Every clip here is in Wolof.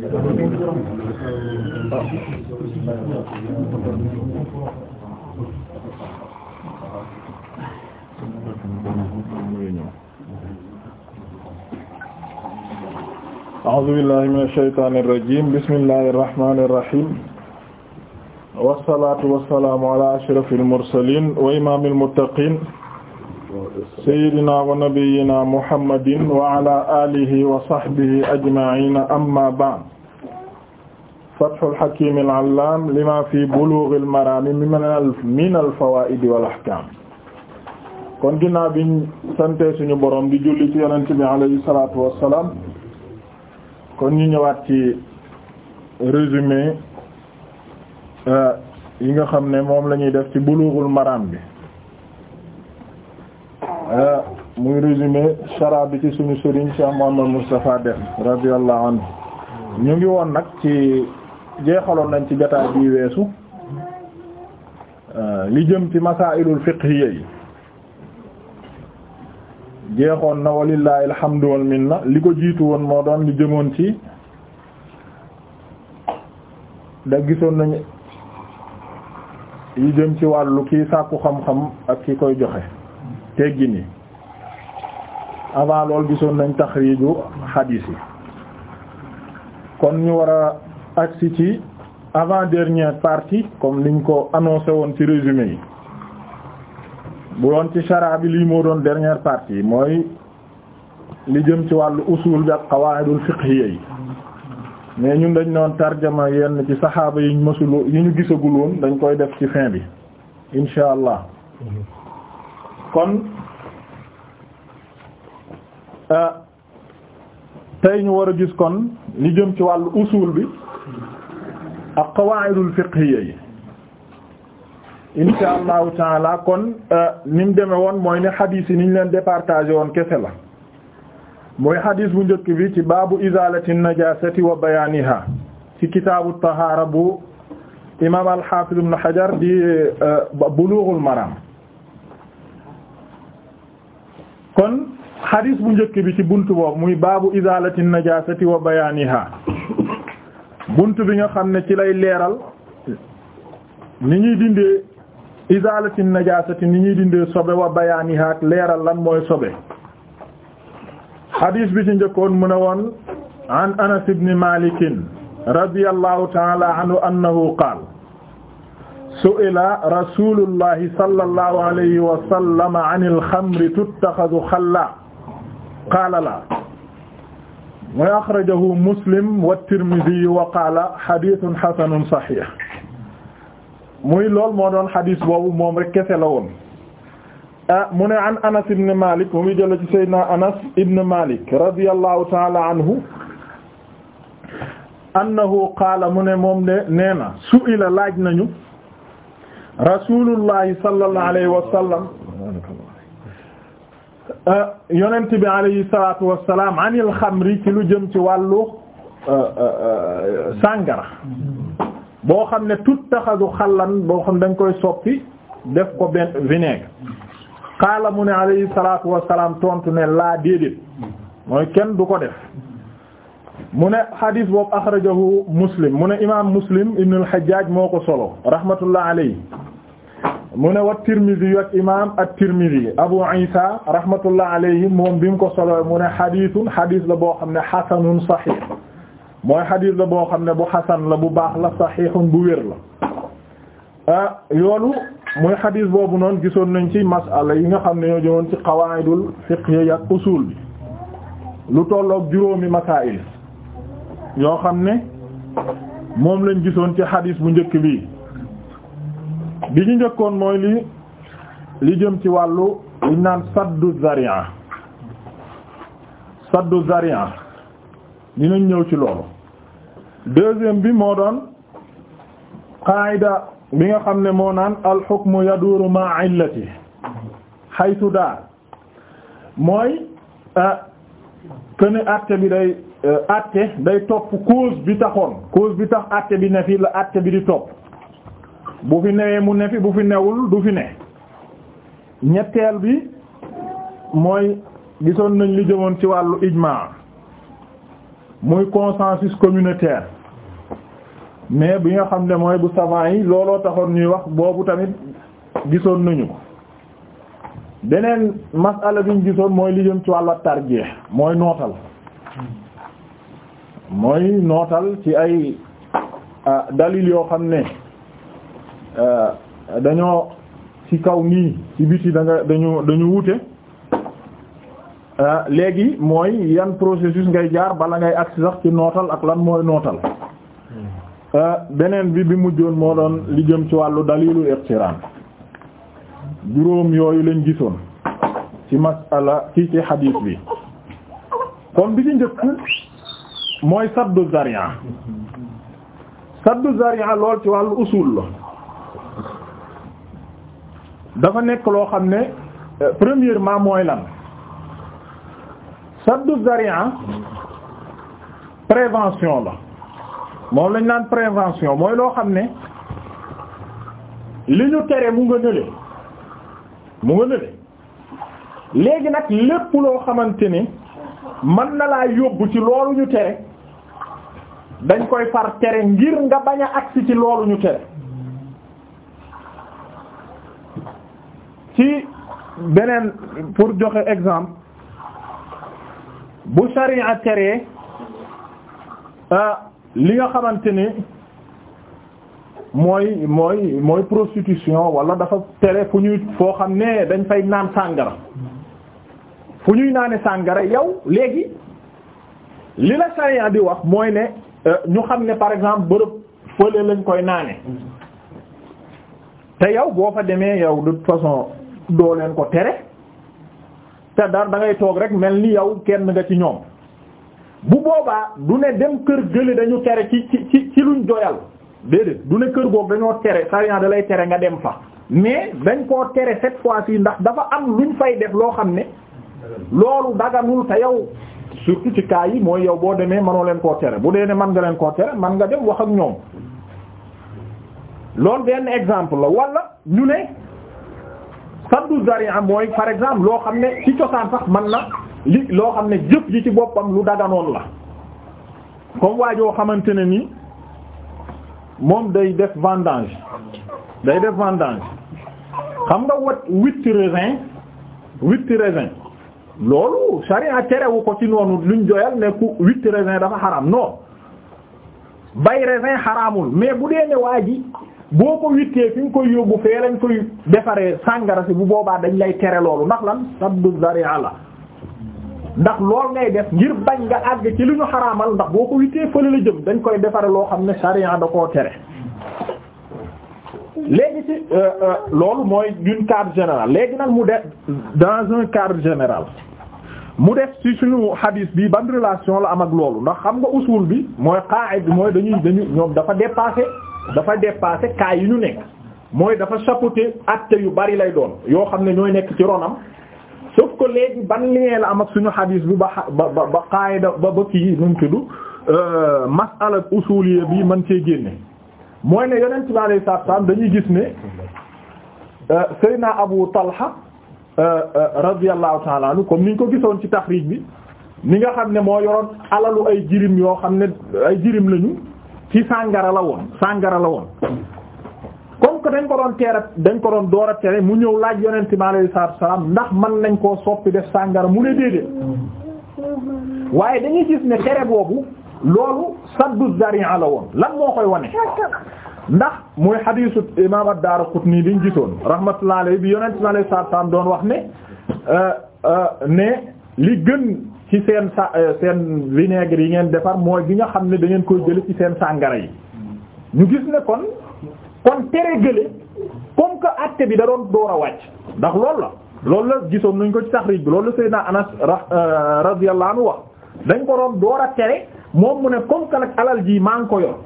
a'uuzu billaahi mina shaytaani rajiim bismillaahi rahmaani rahiim wassalaatu wassalaamu alaa ashrafil mursaliin wa imaamil muttaqiin sayyidina wa nabiyyina muhammadin wa ala alihi wa sahbihi ajma'ina amma ba'd fathul hakim al-allam lima fi bulughil maram min al-fawaid wal ahkam kon ginnaaw biñ sante suñu borom di julli ci bi alayhi salatu wassalam kon ñu ñëwaat ci résumé euh, yi nga xam ne moom lañuy ñuy def ci bulughul maram bi Euh, muy résumé chara bi ci suñu sëriñ Cheikh Mouhammad Moustapha def radiyallahu anhu ñu ngi woon nag ci jeexaloon nañ ci jotaay bi weesu euh, li jëm ci masailul fiqhiyya yi jeexoon na walillahi alhamdu wal minna li ko jiitu woon moo doon li jëmoon ci da gisoon nañu yi jëm ci wàllu kii sàkku xam-xam ak ki koy joxe teggin yi avant loolu gisoon nañ taxriiju xadiis yi kon ñu war a agsi ci avant dernière partie comme liñ ko annoncé woon ci résumé yi bu doon ci chara bi lii moo doon dernière partie mooy li jëm ci wàll usul bi ak qawaidul fiqhiyya yi mais ñun dañ noon tarjama yenn ci saxaaba yiñ mësuloo yi ñu gisagul woon dañ koy def ci fin bi insha allah kon Euh, tey ñu war a gis kon li jëm ci wàllu usul bi ak qawaa'idul fiqhiyya yi insha allahu taala kon euh, ni deme woon mooy ne xadiis yi leen départagé woon kese la mooy xadiis bu njëkk bi ci baabu izaalati najaasati wa bayaaniha ci kitaabu tahaara bu imaam al-Haafiz ibn Hajar di euh, Buluughul Maraam kon xadis bu njëkk bi ci bunt boobu muy baabu izalati najasati wa bayaniha bunt bi nga xam ne ci lay leeral ni ñuy dindee izalati najasati ni ñuy dindee sobe wa bayaniha leeral lan mooy sobe xadis bi ci njëkkoon mu ne woon an anas ibn malik radiyallahu ta'ala anhu annahu qaala su'ila rasulullahi sallallahu alayhi wa sallam anil xamri tuttaxadu xalla qaala la mooy axrajahu muslim wa tirmidhi wa qaala xadiisun xasanun saxiix muy lool moo doon xadiis boobu moom rek kese la woon ah, mu ne an anas ibn malik mu ngi jële ci seydina anas ibn malik radiyallahu taala anhu annahu qaala mu ne moom de nee na su'ila laaj nañu rasulullahi sallallahu alayhi wa sallam Euh, yonent bi alayhi salaatu wa salaam anil xamri ci lu jëm ci wàllu euh, euh, sàngara boo xam ne tuttaxadu xallan boo xam dañ koy soppi def ko benn vinaigre xaala mu ne alayhi salaatu wa salaam tontu ne laa déedéet mooy kenn du ko def mu ne xadiis boobu axrajahu muslim mu ne imaam muslim ibn al moo ko solo rahmatullah alayhi mu ne wat wa Tirmidhi ak imaam at-Tirmidhi Abu Isa rahmatullah yi moom bi mu ko solo mu ne xadiisun xadiis la boo xam ne xasanun saxiix mooy xadiis la boo xam ne bu xasan la bu baax la saxiixun bu wér la. Ah, yoonu muy xadiis boobu noonu gisoon nañ ci masala yi nga xam ne ñoo jëmoon ci qawaa'idul fiqhiyya ak usul bi lu tolloog juróomi masaa'il yoo xam ne moom lañ gisoon ci xadiis bu njëkk bii bi ñu njëkkoon mooy li li jëm ci wàllu li naan saddu zari'a saddu zari'a dinañ ñëw ci loolu deuxième bi moo doon qaida bi nga xam ne moo naan al hukmu yaduru ma'a illati haythu daar mooy këne àtte bi day àtte day topp cause bi taxoon cause bi tax àtte bi ne fii la àtte bi di topp bu fi newee mu ne fi bu fi newul du fi ne ñetteel bi mooy gisoon nañ li jëmoon ci wàllu ijmaa muy consensus communautaire mais bi nga xam ne mooy bu savant yi looloo taxoon ñuy wax boobu tamit gisoon nañu ko beneen masala bi gisoon mooy li jëm ci wàllu tarjeex mooy nootal mooy nootal ci ay ah, dalil yoo xam ne Euh, dañoo ci kaw nii ci biti da nga dañu dañu wute euh, léegi mooy yan processus ngay jaar bala ngay agsi sax ci nootal ak lan mooy nootal hmm. euh, beneen bi bi mujjoon moo doon li jëm ci wàllu dalilu iqtiraan juróom yooyu lañ gisoon ci masala ci ci xadiis bi kon bi ci njëkk mooy saddu zari'a hmm. saddu zari'a lool ci wàllu usul la dafa nekk loo xam ne euh, premièrement mooy lan saddu zari'a prévention la moom lañ naan prévention mooy loo xam ne li ñu tere mu nga nële mu nga nële léegi nag lépp loo xamante ni mën na laa yóbbu ci loolu ñu tere dañ koy far tere ngir nga bañ a agsi ci loolu ñu tere beneen pour joxe exemple bu sariya teree ah, li nga xamante ni mooy mooy mooy prostitution wala dafa tere fu ñuy foo xam ne dañ fay naan sàngara fu ñuy naane sàngara yow léegi li la sariya di wax mooy ne eh, ñu xam ne par exemple bërëb fële lañ koy naane te yow boo fa demee yow de toute façon doo leen ko tere te daan dangay toog rek mel ni yow kenn nga ci ñoom bu boobaa du ne dem kër gële dañu tere ci ci ci luñ joyal déedéet du ne kër goog dañoo tere sariya da lay tere nga dem fa mais dañ koo tere cette fois-ci ndax dafa am luñ fay def loo xam ne loolu daganul te yow surtout ci cas yi mooy yow boo demee mënoo leen koo tere bu dee ne mën nga leen koo tere mën nga dem wax ak ñoom loolu benn exemple la walla ñu ne saddu zari'a mooy par exemple loo xam ne ci cosaan sax man na li loo xam ne jëf ji ci boppam lu daganoon la comme waajoo xamante ne ni moom day def vendange day def vendange xam nga wat huit raisin huit raisin loolu sharia terewu ko ci noonu luñ joyal ne ku huit raisin dafa xaraam non bay raisin xaraamul mais bu dee ne waa ji boo ko wittee fi nga koy yóbbu fee lañ koy defaree sàngara si bu boobaa dañ lay tere loolu ndax lan sabdu zari'a la ndax lool ngay def ngir bañ nga àgg ci li ñu xaraamal ndax boo ko wittee fële la jëm dañ koy defaree loo xam ne sarian da koo tere léegi ci euh, euh, loolu mooy d'une cadre général léegi nag mu def dans un cadre général mu def ci suñu hadis bi ban relation la am ak loolu ndax xam nga usul bi mooy qaa'id bi mooy dañuy dañu ñoom dafa dépasser dafa dépassé cas yi ñu nekk mooy dafa chapeauté acte yu bari lay doon yoo xam ne ñooy nekk ci ronam sauf que léegi ban lien la am ak suñu xadiis bi ba ba ba qaayida ba ba kii nu mu tudd euh, masala usuliya bi man cee génne mooy ne yonent bi alayhi salaatu salaam dañuy gis ne euh, Seydina Abu Talha euh, radiyallahu ta'ala anhu comme niñ ko gisoon ci taxriij bi ni nga xam ne moo yoroon alalu ay jirim yoo xam ne ay jirim lañu ci sàngara la woon sàngara la woon comme que dañ ko doon teera dañ ko doon door a tere mu ñëw laaj yonent ma alayhi salaatu salaam ndax man nañ koo soppi def sàngara mu ne déedéet waaye dañuy gis ne tere boobu loolu saddu zari'a la woon lan moo koy wane ndax muy hadiisu imaam ad-Daaraqutni biñ gisoon rahmatullahi alayhi bi yonent bi alayhi salaatu wa salaam doon wax ne euh, euh, ne li gën ci seen sa euh, seen vinaigre yi ngeen defar mooy bi nga xam ne da ngeen koy jële ci seen sàngara yi ñu gis ne kon kon tere gële comme que acte bi da doon door a wàcc ndax loolu la loolu la gisoon nañ ko ci taxrij bi loolu la Seydina Anas euh, radiyallahu anhu wax dañ ko doon door a tere moom mu ne comme que nag alal ji maa ngi ko yor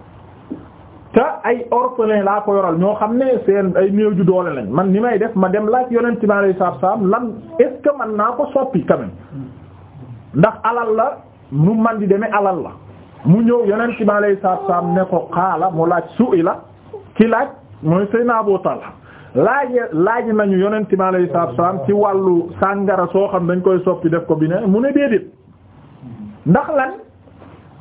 te ay orphelin laa ko yoral ñoo xam ne seen ay néew ju doole lañ man ni may def ma dem laaj yonent bi alayhi salaam lan est ce naa ko soppi quand ndax alal la mu man di deme alal la mu ñëw yeneen ci lay saab saab ne ko xaala mu laaj su la ki laaj mooy Seydina Abu Talha laaj laaj nañu yonent bi alayhi salaatu wa salaam ci wàllu sàngara soo xam dañ koy soppi def ko bi ne mu ne déedéet ndax lan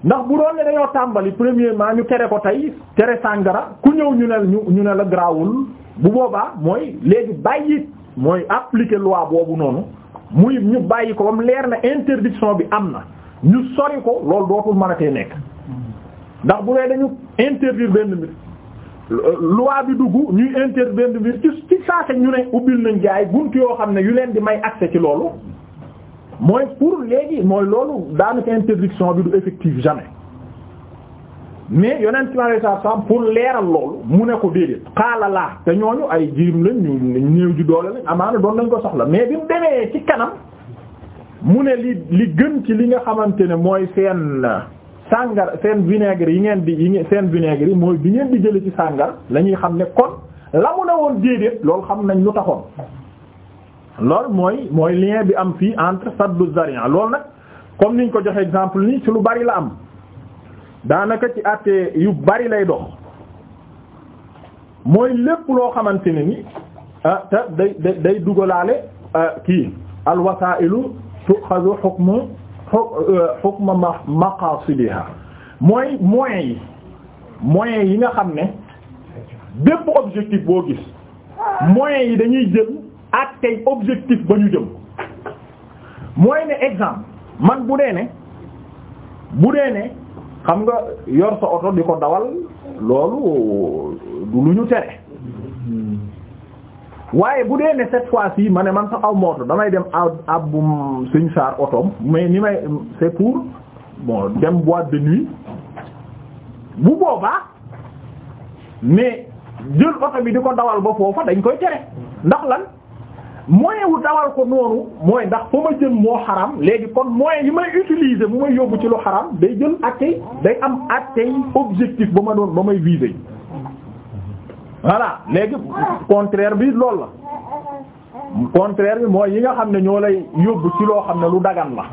ndax bu doon ne dañoo tàmbali premièrement ñu kere ko tey kere sàngara ku ñëw ñu ne ñu ñu ne la grawul bu boobaa mooy léegi bàyyi mooy appliquer loi boobu noonu muy ñu bàyyi ko bam leer na interdiction bi am na ñu sori ko loolu dootul mënatee nekk ndax bu dee dañu interdire benn mbir loi bi dugg ñuy interdire benn mbir ci ci saase ñu ne ubbil nañ jaay bunt yoo xam ne yu leen di may accès ci loolu mooy pour léegi mooy loolu daanaka interdiction bi du effective jamais mais yonent ma lay saa saa pour leeral loolu mu ne ko déedéet xaala laa te ñooñu ay jirim lañ ñu néew ju doole lañ amaana doon nañ ko soxla mais bi mu demee ci kanam mu ne li li gën ci li nga xamante ne mooy seen sàngar seen vinaigre yi ngeen di yi seen vinaigre yi mooy bi ngeen di jële ci sàngar la ñuy xam ne kon la mu ne woon déedéet loolu xam nañ lu taxoon loolu mooy mooy lien bi am fii entre saddu zaria loolu nag comme ni ñu ko joxe exemple nii ci lu bari la am daanaka ci àtte yu bari lay dox mooy lépp loo xamante ne ni ah te day day dugalaale ah, kii alwasailu tuxazu hukmu ah, hukma ma maqasidiha mooy moyens yi moyens yi nga xam ne bépp objectif boo gis moyens yi dañuy jëm ak tey objectif ba ñu jëm mooy ne exemple man bu dee ne bu dee ne xam nga yor sa oto di ko dawal loolu du ñu tere waaye bu dee ne cette fois-ci ma ne man sax aw moto damay dem ab abbu suñ saar otoom mais ni may c'est pour bon dem boîte de nuit bu boobaa mais jël oto bi di ko dawal ba foofa dañ koy tere ndax lan. moyen wu dawal ko noonu mooy ndax fa ma jëm moo xaram léegi kon moyen yi may utiliser bu may yóbbu ci lu xaram day jël àtte day am àtte objectif ba ma doon ba may viser voilà léegi contraire bi loolu la contraire bi mooy yi nga xam ne ñoo lay yóbbu ci loo xam ne lu dagan la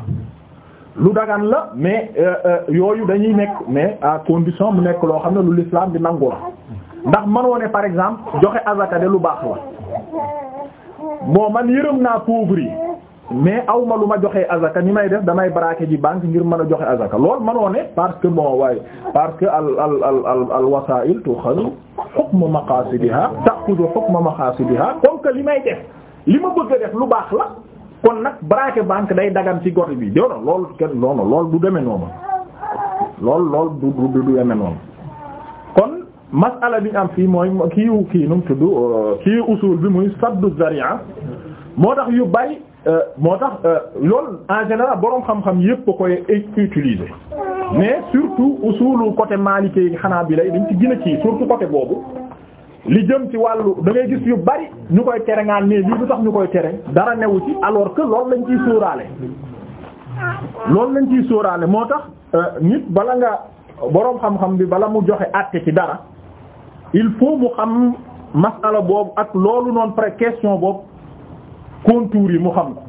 lu dagan la mais euh, euh, yooyu dañuy nekk mais à condition mu nekk loo xam ne lu l'islam di nangu la ndax mënoo ne par exemple joxe azaka de lu baax la moo man yërëm naa pauvre mais aw ma lu ma joxee azaka ni may def damay braquer ji banque ngir mën a joxe azaka lool mënoo ne parce que bon waaye parce que al al al al al wasaa'il tuxadu hukmu maqaasidiha taxudu hukmu maqaasidiha comme que li may def li ma bëgg a def lu baax la kon nag braquer banque day dagan ci gote bi doono loolu kenn doono loolu du demee noonu loolu loolu du du du demee noonu masala bi ñu am fii mooy kii kii nu mu tudd kii usul bi muy saddu zari'a moo tax yu bari moo tax loolu en général boroom xam-xam yépp a koy utiliser mais surtout usulu côté maalikee yi xanaa bi lay dañ ci gën ci kii surtout côté boobu li jëm ci wàllu da gis yu bari ñu koy tere ngaan ne lii du tax ñu koy tere dara newu ci alors que loolu lañ ciy sóoraale loolu lañ ciy sóoraale moo tax nit bala nga boroom xam-xam bi bala mu joxe àtte ci dara il faut mu xam masala boobu ak loolu noonu pré question boobu contours yi mu xam ko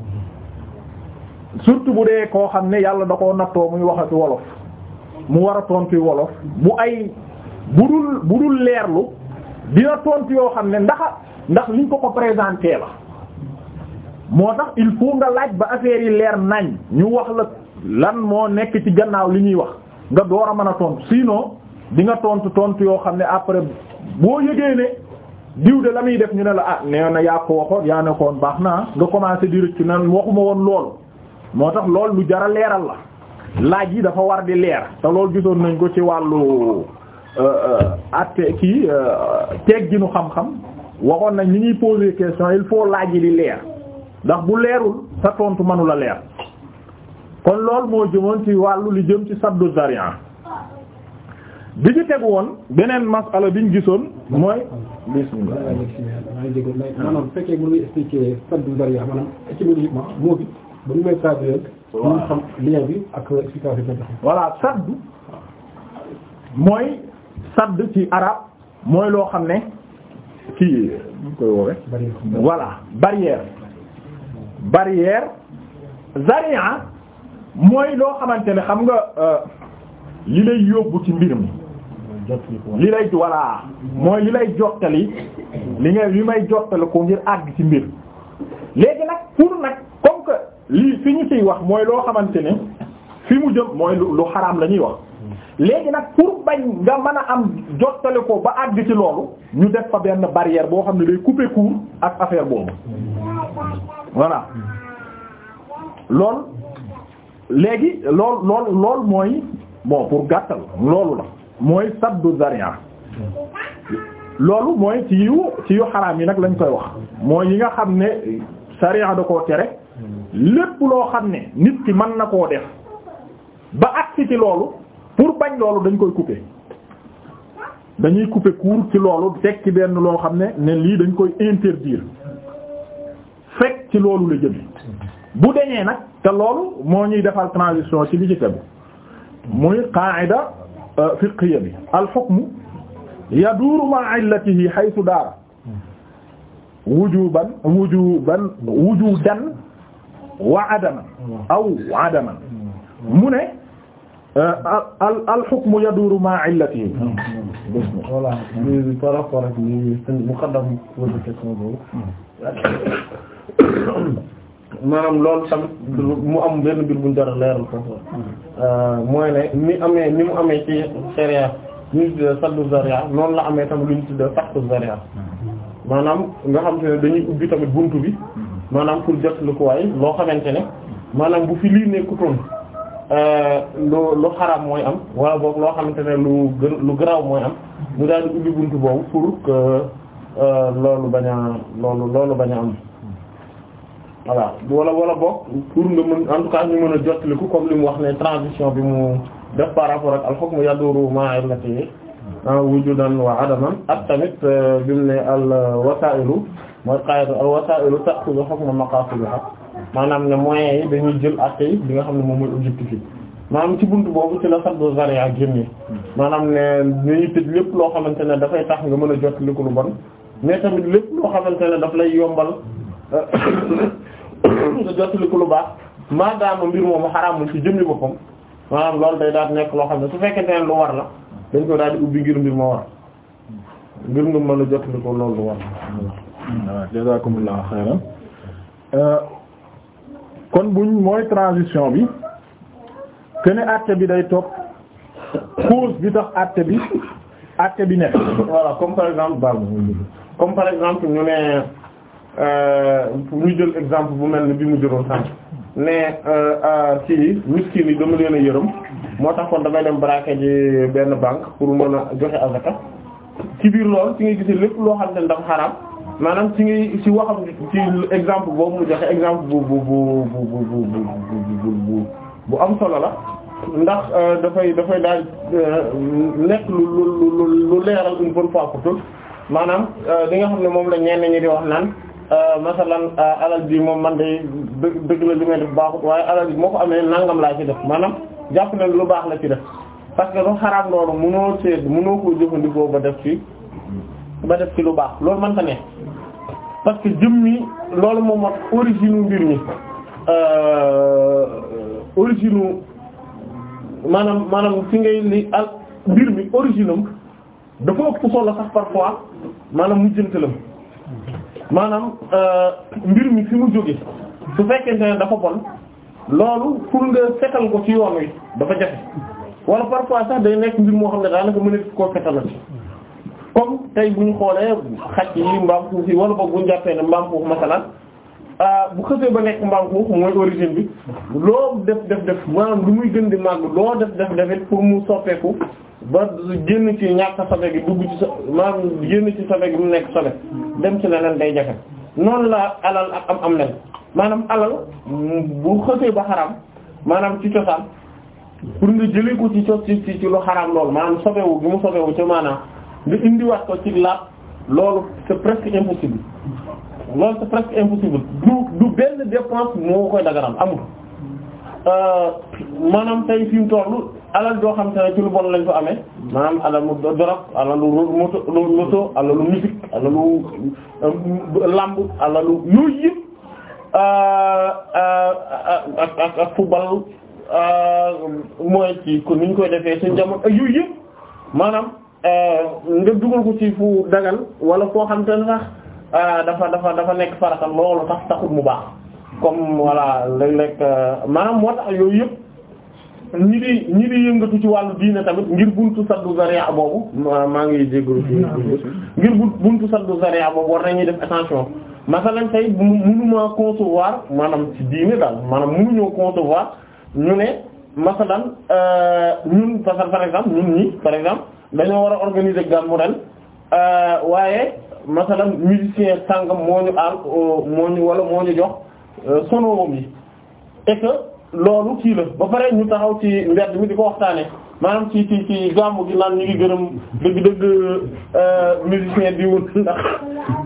surtout bu dee koo xam ne yàlla da koo nattoo muy ci wolof mu war a tontu wolof bu ay bu dul bu dul leerlu dina tontu yoo xam ne ndax ndax liñ ko ko présenté la moo tax il faut nga laaj ba affaire yi leer nañ ñu wax la lan moo nekk ci gannaaw li ñuy wax nga door a mën a tontu sinon di nga tontu tontu yoo xam ne après boo yëgee ne diw de la muy def ñu ne la ah nee na yaa ko waxoon yaa ne koon baax naa nga commencé di rëccu nan waxuma woon loolu moo tax loolu lu jara leeral la laaj yi dafa war di leer te loolu gisoon nañ ko ci wàllu euh, euh, atte kii euh, teeg gi nu xam-xam waxoon nañ li ñuy poser question il faut laaj yi di leer ndax bu leerul sa tontu mënula leer kon loolu moo jëmoon ci wàllu lu jëm ci saddu zarian bi ñu teg woon beneen masala bi ñu gisoon mooy bismillah maanaam fekkee mënuy expliquer sabdu zariya maanaam étymologiquement moo bi ba ñu may traduire saddu mooy sadd ci arab mooy loo xam ne kii ñu koy woowe voilà barrière barrière zariya mooy loo xamante ne xam nga euh, li lay yóbbu ci mbir li lay voilà mooy li lay jottali li nga li may jottali ko ngir àgg ci mbir léegi nag pour nag comme que lii fi ñu ciy wax mooy loo xamante ne fi mu jëm mooy lu xaraam la ñuy wax léegi nag pour bañ nga mën a am jottali ko ba àgg ci loolu ñu def fa benn barrière boo xam ne day couper court ak affaire boobu voilà lool léegi lool lool lool mooy bon pour gàttal loolu la mooy saddu zari'a loolu mooy ci yu ci yu xaraam yi nag lañ koy wax mooy yi nga xam ne sariya de ko tere lépp loo xam ne nit ki mën na koo def ba agsi ci loolu pour bañ loolu dañ koy couper dañuy couper court ci loolu teg ci benn loo xam ne ne lii dañ koy interdire fekk ci loolu la jëm bu deñee nag te loolu moo ñuy defal transition ci li ci tegu muy qaida Euh, fiqhiya bi alxukmu yaduuru ma'a illatihi haythu daara wujuban wujuban wujudan wa adaman aw adaman mu ne euh, al al hukmu yaduuru ma'a illatihi voilà léegi par rapport ak muqaddam question boobu maanaam loolu tamit mu am benn mbir buñ dara leeral foofu euh, mooy ne ni amee ni mu amee ci sharia ñu tuddee saddu zaria noonu la amee tamit lu ñu tuddee fattu zaria maanaam nga xam te ne dañuy ubbi tamit buntu bi maanaam pour jot lu ko waay loo xamante ne maanaam bu fi lii nekkutoon euh, lu lu xaraam mooy am wala boog loo xamante ne lu gën lu garaaw mooy am mu daal ubbi buntu boobu pour que euh, loolu bañ a loolu loolu bañ a am. voilà wala wala bokk pour nga mën en tout cas ñu mën a jottaliku comme li mu wax ne transition bi mu def par rapport ak al-hukm yaduru ma'a illatihi wujudan wa adaman ak tamit euh, bi mu ne al-wasaa'ilu mooy qaa'ida al-wasaa'ilu ta'khudhu hukma maqaasidiha maanaam ne moyens yi dañuy jël acte yi li nga xam ne moom mooy objectif yi maanaam ci buntu boobu ci la saddu zaria génne maanaam ne nañu tëj lépp loo xamante ne dafay tax nga mën a jottaliku lu bon mais tamit lépp loo xamante ne daf lay yombal euh, nga jottali ko lu baax maadaama mbir moomu xaraamul ci jëmmi boppam maanaam loolu day daal nekk loo xam ne su fekkente ne lu war la dañ ko daal di ubbi ngir mbir moo war ngir nga mën a jottali ko loolu lu war la jazakumullahu xayran euh, kon buñ mooy transition bi kene acte bi day topp cause bi tax acte bi acte bi nekk voilà comme par exemple bal comme par exemple ñu ne ñu jël exemple bu mel ni bi mu jëloon sànq ne ci miskin yi dama leen a yërëm moo tax kon damay dem braquer ji benn banque pour mën a joxe azaka ci biir lool ci ngay gisee lépp loo xam ne dafa xaraam maanaam ci ngay ci waxam ci exemple boobu joxe exemple bu bu bu bu bu bu am solo la ndax dafay dafay daal nekk lu lu lu lu leeral une bonne fois pour toutes maanaam li nga xam ne moom la ñenn ñi di wax naan. Euh, masalan euh, alal bi moom man day dëgg dëgg la li may def baaxut waaye alal bi moo ko amee nangam laa ci def maanaam jàpp na lu baax la ci def parce que lu xaraam loolu mënoo seet mënoo koo jëfandikoo ba def ci ba def lu baax loolu man ta ne parce que jëmmi loolu moom wax origine mbir mi euh, origine maanaam maanaam fi ngay li al mbir mi origine am dafa ëpp solo sax parfois maanaam mujjantalam maanaam euh, mbir mi fi mu jóge su fekkente ne dafa bon loolu pour nga setal ko ci yoon wi dafa jafe wala parfois sax day nekk mbir moo xam ne daanaka mën a koo setal comme tey bu ñu xoolee xaj yi mbaam xuux yi wala boog bu ñu jàppee ne mbaam xuux masalan euh, bu xësee ba nekk mbaam xuux mooy origine bi loo def def def maanaam lu muy gën di màgg loo def def defit pour mu soppeeku ba génn ci ñàkk sabe gi dugg ci sa maanaam génn ci sabe gi mu nekk sabe dem ci leneen day jafe noon la alal ak am am nen maanaam alal bu xësee ba xaraam maanaam ci cosaan pour nga jëlee ko ci cos ci ci lu xaram loolu maanaam sobewu gi mu sobewu ci maanaam nga indiwaat ko ci laat loolu c'est presque impossible loolu c'est presque impossible du du benn dépense moo koy daganal amul euh, maanaam tey fi tollu alal doo xam te ne ci lu bon lañ ko amee maanaam alal mu dorog alalu moto moto alalu musique alalu euh, lamb alalu yooyu yëpp ak euh, euh, ak ak football mooy ci ko niñ koy defee suñ jamono ak yooyu maanaam nga dugal ko ci fu dagal wala koo xam te ne sax dafa dafa dafa nekk farata loolu tax taxul mu baax comme voilà léeg-léeg maanaam moo tax yooyu yëpp ñi di ñi di ci wàllu diine tamit ngir buntu saddu zaria boobu maa ngi jégalu ngir buntu saddu zaria boobu war nañuy def attention masalan tey mënuma concevoir maanaam ci diine daal maanaam mënuñoo concevoir ñu ne masalan euh, ñun parce que par exemple ñun ñi par exemple dañoo war a organiser gàmmu ren euh, waaye masalan musicien sàngam moo ñu aar euh, moo ñu wala moo ñu jox sonorom yi et loolu kii la ba pare ñu taxaw ci mbedd mi di ko waxtaane maanaam ci ci ci gàmmu gi naan ñu ngi gërëm dëgg dëgg euh, musicien di wun ndax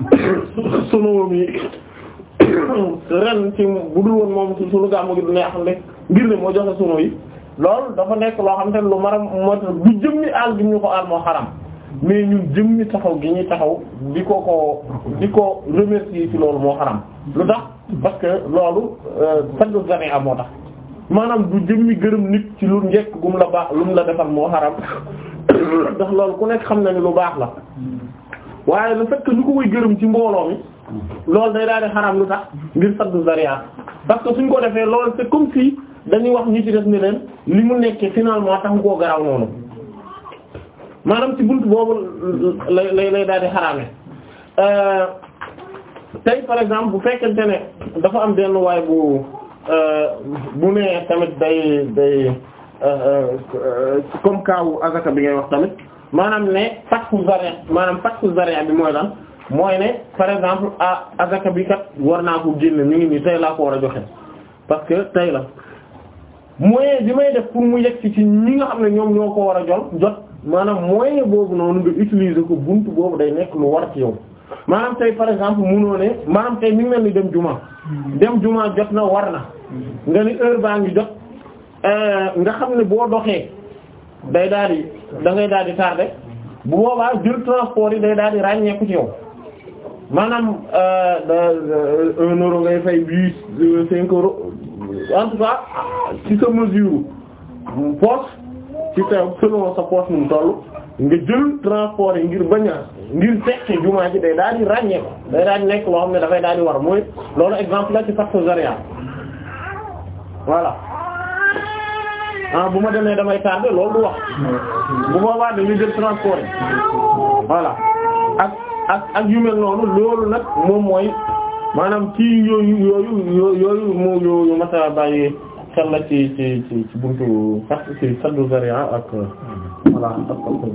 sunuwam yi ren ci bu dul woon moom ci sunu gàmmu gi du neex ne ngir ne moo joxe sunu yi loolu dafa nekk loo xam te lu maram moo tax bu jëmmi àll gi ñu ko àll moo xaram mais ñu jëmmi taxaw gi ñu taxaw di ko ko di ko remercier ci loolu moo xaram lu tax parce que loolu euh, fajlu gane a moo tax maanaam bu jëmmi gërëm nit ci lu njekk gum la baax lu mu la defal moo xaram ndax loolu ku nekk xam na ni lu baax la waaye le fait que ñu ko koy gërëm ci mbooloo mi loolu day daal di xaram lu tax ngir saddu zaria parce que suñ ko defee loolu c'est comme si dañuy wax ñi ci def ni leen li mu nekkee finalement tax koo garaw noonu maanaam ci bunt boobu lay lay lay daal di xaraame euh, tey par exemple bu fekkente ne dafa am benn waay bu Euh, bu nee tamit day day euh, euh, comme kaawu azaka bi ngay wax tamit maanaam ne fatku zaria maanaam fatku zaria bi mooy lan mooy ne par exemple ah azaka bi kat war naa ko génne mi ngi nii tey laa ko war a joxe parce que tey la moyen bi may def pour mu yegg ci ci ñi nga xam ne ñoom ñoo ko war a jol jot maanaam moyen boobu noonu nga utiliser ko buntu boobu day nekk lu war ci yow maanaam tey par exemple munoo ne maanaam tey mel ni dem juma mm-hmm. dem juma jot na war na mm-hmm. nga ni heure baa ngi jot euh, nga xam ne boo doxee day daal dangay da ngay daal di tardé bu boobaa jël transport yi day daal di ràññeeku ci yow maanaam euh, euh, un euro ngay fay huit cinq euros en tout ci sa mesure poche ci sa selon sa poche mu toll nga jël transport yi ngir bañ a ngir fekke jumaa ji day daal di ràññee day daal nekk loo xam ne dafay daal di war mooy loolu exemple la ci fattu zaria voilà ah bu ma demee damay tardé loolu du wax bu boobaa dañuy jël transport yi voilà ak ak ak yu mel loolu nag moom mooy maanaam kii yooyu yooyu yooyu moo yooyu mata bàyyi xel la ci ci ci ci buntu fat ci saddu zaria ak voilà ak fattu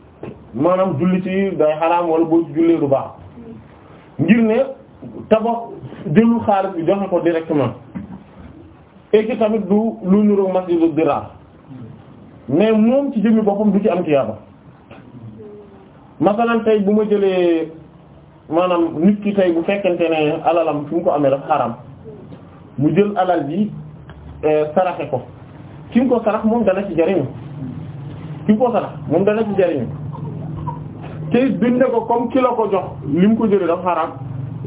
maanaam julli ci day xaraam wala boo ci jullee du baax ngir ne tabax jëlul xaalis bi joxe ko directement et tamit du lu niroog masjidu diraar mais moom ci jëmmi boppam du ci am tiyaaba masalan tey bu ma jëlee maanaam nit ki tey bu fekkente ne alalam fi mu ko amee dafa xaraam mu jël alal ji euh, saraxe ko ki mu ko sarax moom dana ci jariñu ki mu ko sarax moom dana ci jariñu kayit binde ko comme ki la ko jox li mu ko jëlee dafa xaraam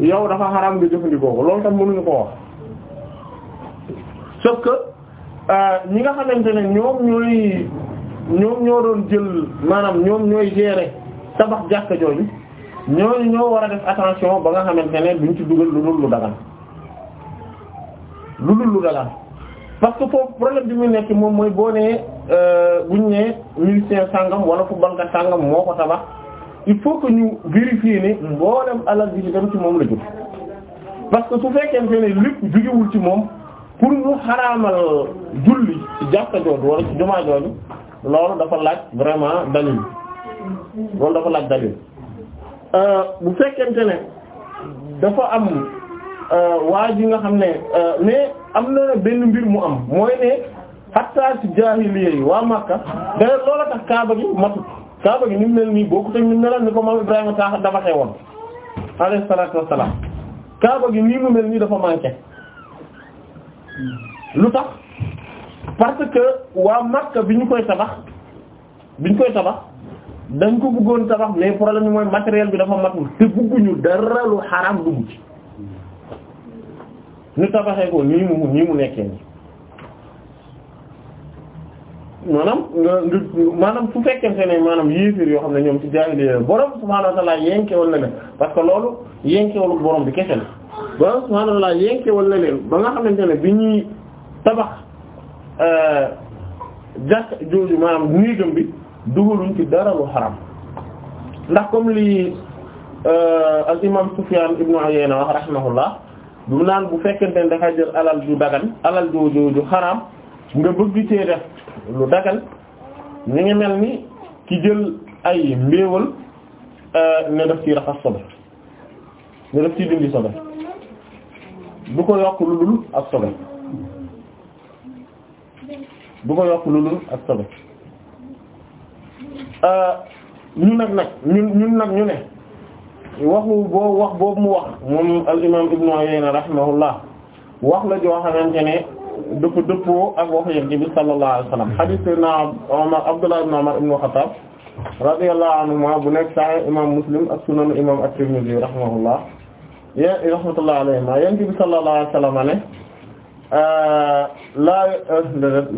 yow dafa xaraam nga jëfandikoo ko loolu tam mënuñu ko wax sauf que euh, ñi nga xamante ne ñoom ñooy ñoom ñoo doon jël maanaam ñoom ñooy gérer tabax jàkka jooju ñooñu ñoo war a def attention ba nga xamante ne duñ ci dugal lu dul lu dagan lu dul lu dagan parce que foofu problème bi muy nekk moom mooy boo nee euh, buñ ne musicien sàngam wala footballkat sàngam moo ko tabax il faut que ñu vérifier ne mboolem alal bi ñu dem ci moom la jóg parce que su fekkente ne lépp jugewul ci moom pour mu xaraamal julli ci jàkka jooju wala ci jumaa jooju loolu dafa laaj vraiment dalil loolu dafa laaj dalil euh, bu fekkente ne dafa am euh, waa ji nga xam ne euh, mais am na benn mbir mu am mooy ne hatta ci jaahiliya yi waa Makka da loola tax Kaaba gi matut kaaba gi ni mu mel nii bokkut ak ni mu ni ko moom Ibrahima tax dafa xewoon alayhi salaatu wassalaam kaaba gi nii mu mel nii dafa manqué lu tax parce que waa Makka bi ñu koy tabax bi ñu koy tabax dañ ko bëggoon tabax mais problème bi mooy matériel bi dafa matul te bëgguñu dara lu xaraam dugg ci ñu tabaxee ko nii mu nii mu nekkee nii maanaam maanaam su fekkente ne maanaam yéefir yoo xam ne ñoom ci jaahiliya borom subhaanahu wa ta'aala yenkewal na leen parce que loolu yenkewalu borom bi kese la borom subhaanahu wa ta'aala yenkewal na leen ba nga xamante ne bi ñuy tabax euh, jàkk jooju maanaam néegam bi dugaluñ ci dara lu xaram ndax comme li euh, al imam Sufyaan ibnu Uyayna wax rahimahullah bu naan bu fekkente ne dafa jël alal ju dagan alal jooju ju xaram nga bëgg cee def lu dagal ñu ngi mel ni ki jël ay mbéewal euh, ne def ci raxas sobe ne def ci dindi sobe du ko yokk lu dul ak sobe du ko yokk lu dul ak sobe euh, ñu nag nag ñun ñun nag ñu ne waxu boobu wax boobu mu wax moom al imam Ibn Uyayna wax la joo xamante ne dafa dëppoo ak waxu Yonent bi sallallahu alayhi wa sallam hadith sayyidina Umar Abdullah ibn Umar ibn Khattab radiyallahu anhuma bu nekk Sahih imam Muslim ak sunan imam At-Tirmidhi rahimahullah ye rahmatullahi alayhima Yonent bi sallallahu alayhi wa sallam ne la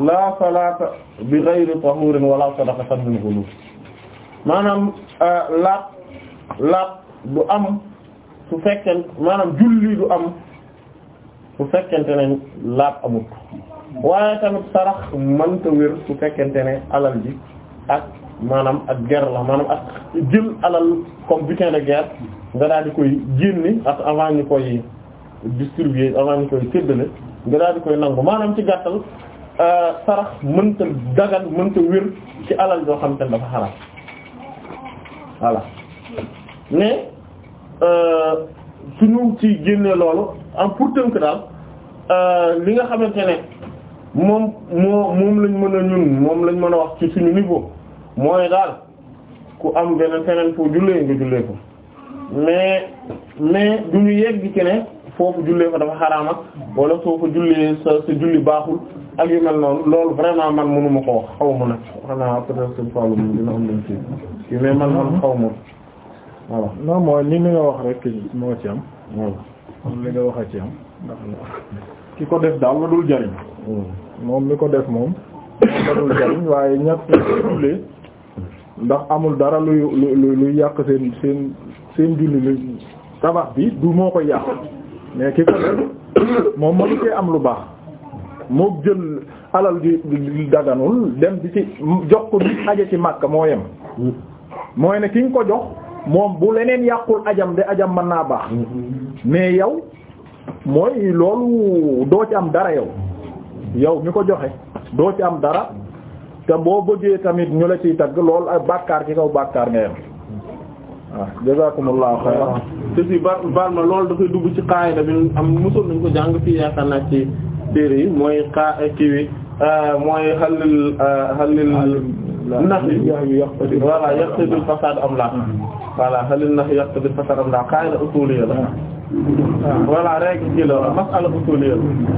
la salata bi ghayri tahurin wala sadaqatin min ghulul maanaam laab laab du am su fekkee maanaam julli du am su fekkente ne laab amut waaye tamit sarax mënta wér su fekkente ne alal ji ak maanaam ak ger la maanaam ak jël alal comme butin de guerre nga daal di koy génne ak avant ñu koy distribuer avant ñu koy séddale nga daal di koy nangu maanaam ci gàttal euh, sarax mënta dagan mënta wér ci alal yoo xam te ne dafa xaraam voilà mais euh, suñu ci génne loolu en pour tënk daal euh, li nga xamante ne moom moo moom lañ mën a ñun moom lañ mën a wax ci suñu niveau mooy daal ku am beneen feneen foo jullee nga jullee ko mais mais du ñu yegg ci ne foofu jullee fa dafa xaraama wala soo fa jullee sa sa julli baaxul ak yu mel noonu loolu vraiment man mënu ma ko wax xaw ma nag xanaa peut-être seen faalu moom dina am nañ ci mais man li nga wax rek moo ci am. kon li nga wax a ci am ndax ki ko def daal la dul jariñ hmm. moom mi ko def moom la dul jariñ waaye ñett jullee ndax amul dara luy lu luy yàq seen seen seen julli lu tabax bi du moo ko yàq mais ki ko def moom mënu cee am lu baax moo jël alal di daganul dem di ci jox ko nit aja ci Makka moo yem hmm. mooy ne ki nga ko jox moom bu leneen yàqul ajam de ajam mën naa baax mais yow mooy loolu doo ci am dara yow yow ñu ko joxe doo ci am dara te boo bëggee tamit ñu la ciy tagg lool ak bàkkaar ci kaw bàkkaar nga yem waaw jazakumullahu xayran te si ba baal ma lool dafay dugg ci xaayida bi am mosoon nañ ko jàng fii yaakaar naa ci téere yi mooy xaa kii wi euh, mooy xalil euh, xalil nax yi voilà yaqtadil fasaad am laa voilà halil nax yaqtadil fasaad am laa qaida usuliyya ci la mas'ala usuliyya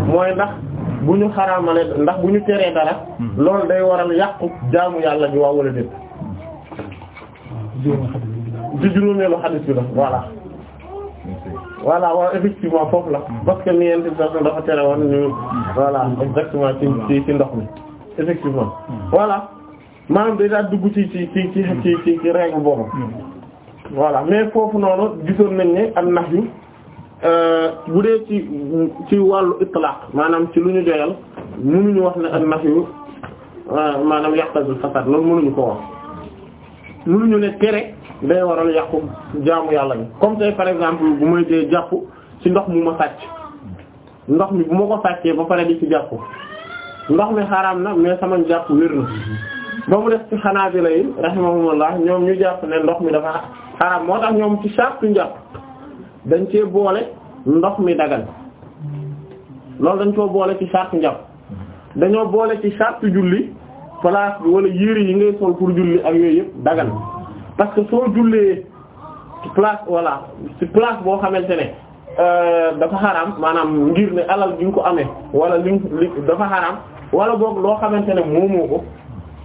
mooy ndax bu ñu xaraamale ndax bu ñu teree dara loolu day waral yàqu jaamu yàlla bi waa wala déet di juróomeelu xadis bi la voilà voilà effectivement foofu la parce ni yeen ti dafa dafa tere woon ñu voilà exactement ci ci ndox mi effectivement voilà maanaam daal dugg ci ci ci ci ci ci ci règle boobu voilà mais foofu noonu gisoon nañ ne am nax yu euh, bu dee ci ci wàllu itlaq maanaam ci lu ñu doyal ñu wax ne ak nax yu euh, maanaam yaqtazul fasad loolu mënuñu ko wax mënuñu ne tere day waral yàqu jaamu yàlla bi comme tey par exemple bu may dee jàpp ci ndox mu ma sàcc ndox mi bu ma ko sàccee ba pare di ci jàpp ndox mi xaaraam na mais sama jàpp wér na ba mu def ci xanaabila yi rahimahumullah ñoom ñu jàpp ne ndox mi dafa xaraam moo tax ñoom ci sartu njàpp dañ cee boole ndox mi dagan loolu dañ koo boole ci sartu njàpp dañoo boole ci sartu julli place bi wala yére yi ngay sol pour julli ak yooyu yëpp dagan parce que soo jullee ci place ci place boo xamante ne euh, dafa xaram maanaam ngir ne alal gi nga ko amee wala li dafa xaraam wala boog loo xamante ne moomoo ko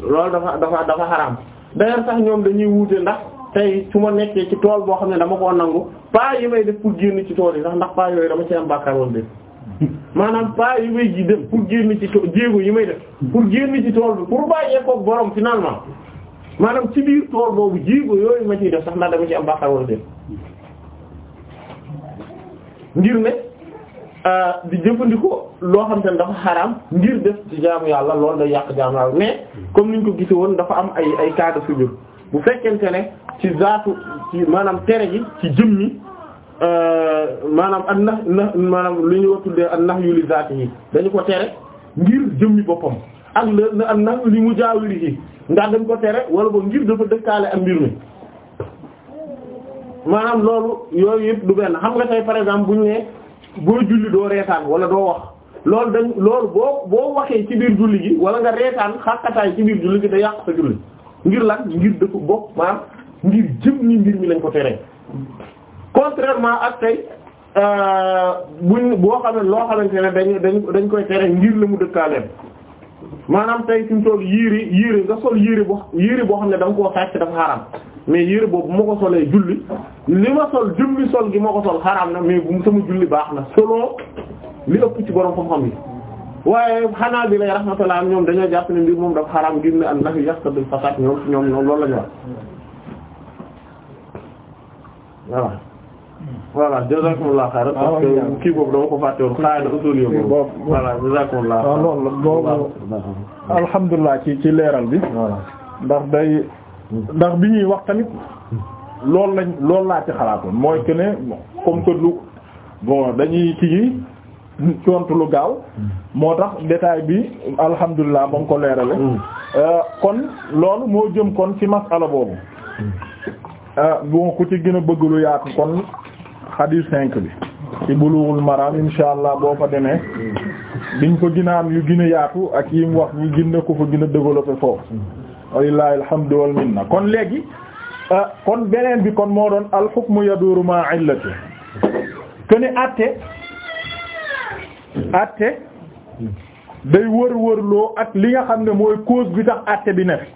loolu dafa dafa dafa xaraam d'ailleurs sax ñoom dañuy wuute ndax tey su ma nekkee ci tool boo xam ne dama ko nangu paa yi may def pour génn ci tool yi sax ndax paa yooyu dama ci am bàkkaar woon dé maanaam paa yi may ji dem pour génn ci tool jéego yi may def pour génn ci tool bi pour bàyyee ko borom finalement maanaam ci biir tool boobu jéego yooyu ma ciy def sax ndax dama ci am bàkkaar woon dé ngir ne Euh, di jëfandikoo loo xam te ne dafa xaraam ngir def ci jaamu yàlla lool day yàq jaamu mais comme niñ ko gise woon dafa am ay ay cas de figure bu fekkente ne ci zaatu ci maanaam tere gi ci jëmmi euh, maanaam ak na nax maanaam lu ñu wax tuddee ak nax yu li zaati yi dañu ko tere ngir jëmmi boppam ak la ak na li mu jaawiri yi ndax dañ ko tere wala ba ngir dafa dëkkaale ak mbir mi maanaam loolu yooyu yëpp du benn xam nga tey par exemple bu ñu boo julli doo reetaan wala doo wax loolu dañ loolu boo boo waxee ci biir julli gi wala nga reetaan xàqataay ci biir julli gi da yàq sa julli ngir la ngir dëkk bopp maanaam ngir jëm ni mbir mi lañ ko teree contrairement ak tey euh, buñ boo xam ne loo xamante ne dañ dañ dañ koy tere ngir la mu dëkkaaleen maanaam tey fi mu toll yéere yéere nga sol yéere boo yéere boo xam ne da nga koo sàcc dafa xaraam mais yéere boobu bu ma ko solee julli li ma sol julli sol gi ma ko sol xaraam na mais bu sama julli baax na selon li ëpp ci borom xam-xam yi. waaye xanaa bi lay rahmatullah am ñoom dañoo jàpp ne mbir moom dafa xaraam ngir ne an nahi yaqtadil fasad ñoom ñoom loolu la ñu wax waaw. voilà jazakumullah xayran ah, boobu dama ko fàtte woon xaay na usul yo boobu ah, ci ci leeral bi ndax day ndax bi ñuy wax tamit lool lañ loolu laa ci xalaatoon mooy que ne comme que lu bon dañuy tigi contu lu gaaw moo tax détail bi alhamdulilah ba nga ko leerale mm. euh, kon loolu moo jëm kon ci masala boobu mm. euh, bon ku ci gën bëgg lu yaatu kon xadiis cinq bi ci Bulughul Maram insha boo fa demee biñ ko gën a am yu gën yaatu ak yi mu wax ñu gën a ko fa gën a foofu walillahi alhamdu wal kon léegi euh, kon beneen bi kon moo doon al hukmu yaduru ma illati kene atte atte day wër wërloo ak li nga xam ne mooy cause bi tax atte bi newe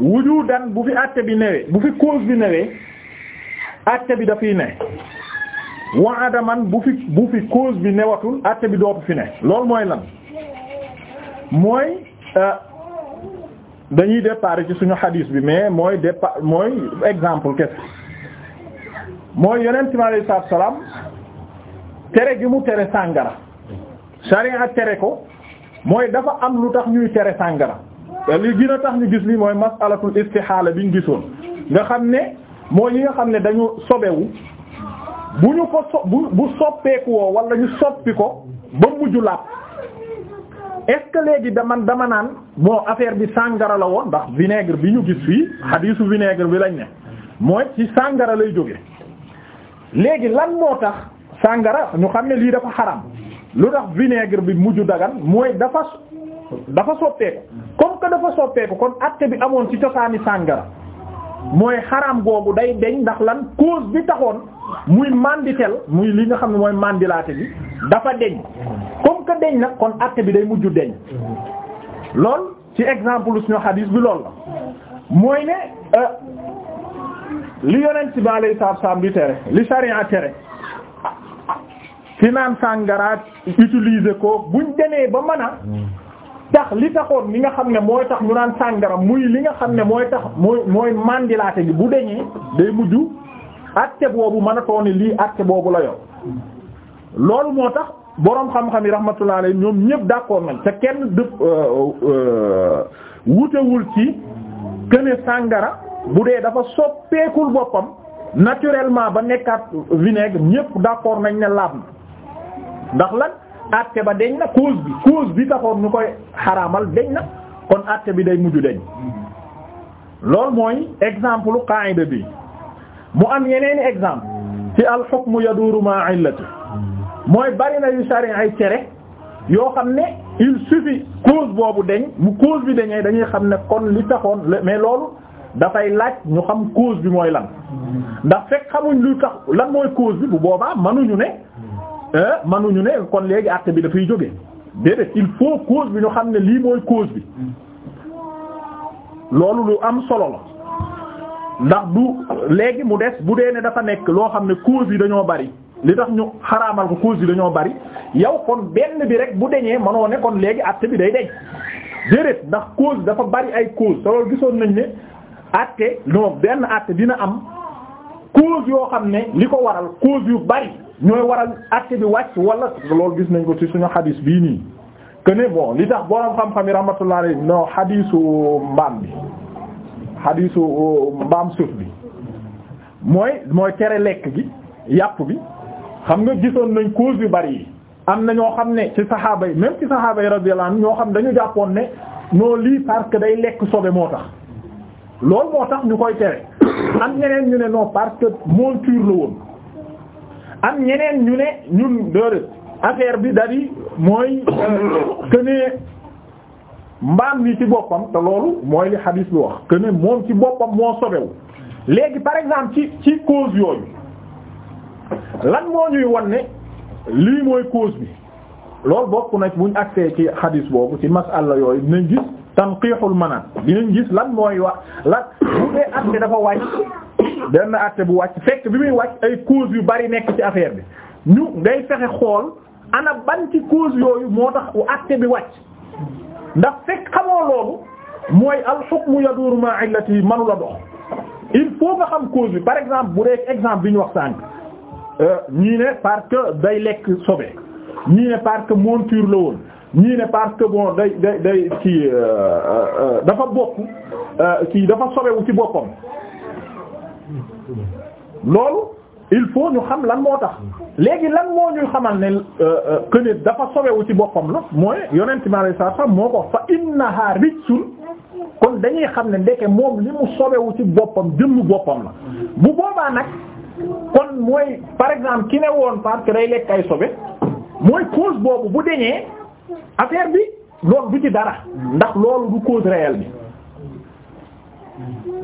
wujudan bu fi atte bi newe bu fi cause bi newee acte bi dafay ne wa adaman bu fi bu fi cause bi newatul acte bi dootu fi ne loolu mooy lan mooy euh, dañuy départ ci suñu xadiis bi mais mooy départ mooy exemple kese mooy yonent mi alayhi salaam tere gi mu tere sàngara sariya tere ko mooy dafa am lu tax ñuy tere sàngara li gën a tax ñu gis li mooy masalatul istihaala bi ñu gisoon nga xam ne mooy yi nga xam ne dañu sobewu bu ñu ko so bu bu soppeeku woo wala ñu soppi ko ba mujj laab est léegi dama dama naan moo affaire bi sàngara la woon ndax vinaigre bi ñu gis fii xadiisu vinaigre bi lañ ne mooy ci sàngara lay jóge léegi lan moo tax sàngara ñu xam ne lii dafa xaram lu tax vinaigre bi mujj dagan mooy dafa dafa soppeeku comme que dafa soppeeku kon acte bi amoon ci cosaani sàngara mooy xaraam googu day deñ ndax lan cause bi taxoon muy mànditel muy li nga xam ne mooy mandilaate bi dafa deñ comme que deñ nag kon acte bi day mujj deñ lool ci exemple suñu xadiis bi lool la mooy ne euh, li yonent bi alayhi salaam di tere li sharia tere fi naan sàngaraat utiliser ko buñ demee ba mën a tax li taxoon li nga xam ne mooy tax mu naan sàngara muy li nga xam ne mooy tax mooy mooy mandilaate gi bu deñee day mujj àtte boobu mën a tooni lii àtte boobu la yor loolu moo tax boroom xam-xam yi rahmatullah ñoom ñëpp d'accord nañ te kenn dëpp euh, euh, wutewul ci këne sàngara bu dee dafa soppeekul boppam naturellement ba nekkaat vinaigre ñëpp d'accord nañ ne laab na ndax lan àtte ba deñ na cause bi cause bi taxoon ñu koy xaraamal deñ na kon àtte bi day mujj deñ loolu mooy exemple qaayida bi mu am yeneeni exemple ci al hukmu yaduru ma mooy bari na yu sari ay cere yoo xam ne il suffit cause boobu deñ mu cause bi dañee dañuy xam ne kon li taxoon mais loolu dafay laaj ñu xam cause bi mooy lan ndax fekk xamuñ lu tax lan mooy cause bi bu boobaa mënuñu ne Euh, manuñu ne kon léegi acte bi dafay jóge déedéet il faut cause bi ñu xam ne lii mooy cause bi loolu lu am solo la ndax du léegi mu des bu dee ne dafa nekk loo xam ne cause yi dañoo bari li tax ñu xaraamal ko cause yi dañoo bari yow kon benn bi rek bu deñee manoo ne kon léegi acte bi day deñ déedéet ndax cause dafa bari ay cause te gisoon nañ ne acte non benn acte dina am cause yoo xam ne li ko waral cause yu bari ñooy waral acte bi wàcc wala lool gis nañ ko ci suñu xadis bii nii que ne bon li tax borom xam-xam yi rahmatullah alayhi non xadisu mbaam bi xadisu uh, mbaam suuf bi mooy mooy tere lekk gi yàpp bi xam nga gisoon nañ cause yu bari yi am na ñoo xam ne ci saxaaba yi même ci saxaaba yi radiyallahu ñoo xam dañu jàppoon ne non lii parce day lekk sobe moo tax loolu moo tax ñu koy tere am ñeneen ñu ne non parce que la woon am ñeneen ñu ne ñun déedéet affaire bi dari mooy que mbaam mi ci boppam te loolu mooy li hadis bi wax que moom ci boppam moo sobewu léegi par exemple ci ci cause yooyu lan moo ñuy wan ne lii mooy cause bi loolu bokk na buñ accès ci hadis boobu ci masala yooyu nañ gis tanqiixul manaan dinañ gis lan mooy wax lan bu dee at dafa wàññi. benn àtte bu wàcc fekk bi muy wàcc ay cause yu bari nekk ci affaire bi ñu ngay fexe xool ana ban ci cause yooyu moo tax u àtte bi wàcc ndax fekk xamoo loolu mooy al-hukmu yaduuru ma'a illati manu dox il faut nga xam cause bi par exemple bu dee exemple bi ñu wax sànq euh, ñii ne parce que day lekk sobe ñii ne parce que monture la woon ñii ne parce que bon day day day kii euh, euh, dafa bokk kii dafa sobewu ci boppam loolu il faut ñu xam lan moo tax léegi lan moo ñuy xamal ne euh, euh, que ne dafa sobewu ci boppam la mooy yonent mi alayhi salaatu moo ko fa innaha rijsun kon dañuy xam ne ndeke moom li mu sobewu ci boppam jëmm boppam la bu boobaa nag kon mooy par exemple ki ne woon parce que day lekk ay sobe mooy cause boobu bu deñee affaire bi loolu du ci dara ndax loolu du cause réelle bi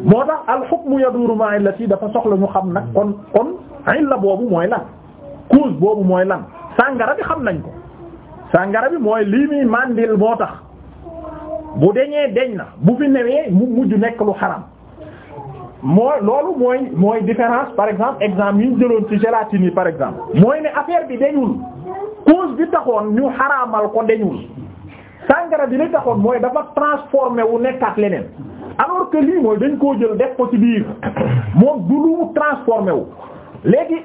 moo tax alxukmu yaduru ma illati dafa soxla ñu xam nag kon kon illa boobu mooy lan cause boobu mooy lan sàngara bi xam nañ ko sàngara bi mooy lii muy mandil moo tax bu deñee deñ na bu fi newee mu mujj nekk lu xaram mooy loolu mooy mooy différence par exemple exemple yi ñu jëloon ci gélatine yi par exemple mooy ne affaire bi deñul cause bi taxoon ñu xaraamal ko deñul sàngara bi li taxoon mooy dafa transformé wu nekkaat leneen alors que lii mooy dañ koo jël def ko ci biir moom du lu transformé wu léegi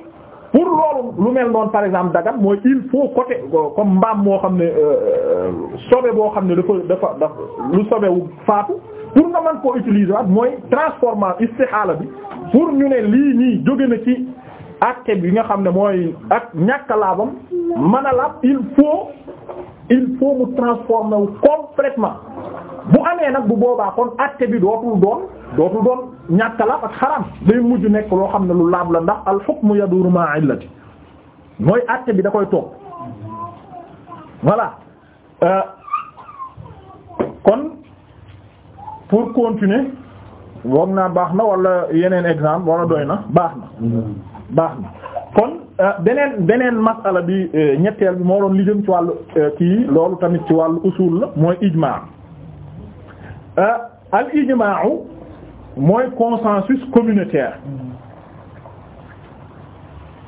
pour loolu lu mel noonu par exemple dagan mooy il faut côté comme mbaam moo xam ne euh, sobe boo xam ne dafa dafa dafa lu sobewu faatu pour nga mën ko utiliser waat mooy transformation istihaala bi pour ñu ne lii nii jóge na ci acte bi nga xam ne mooy ak ñàkk laabam mën a laab il faut il faut mu transformer wu complètement bu amee nag bu boobaa kon acte bi dootul doon dootul doon ñàkk la ak xaram day mujj nekk loo xam ne lu laab la ndax al hukmu yaduru ma'a illati mooy acte bi da koy toog voilà euh, kon pour continuer woog naa baax na wala yeneen exemple wala doy na baax na mm-hmm. baax na kon Euh, beneen beneen masala bi euh, ñetteel bi moo doon li jëm ci wàll euh, kii loolu tamit ci wàllu usul la mooy ijmaa al ijmaa mooy consensus communautaire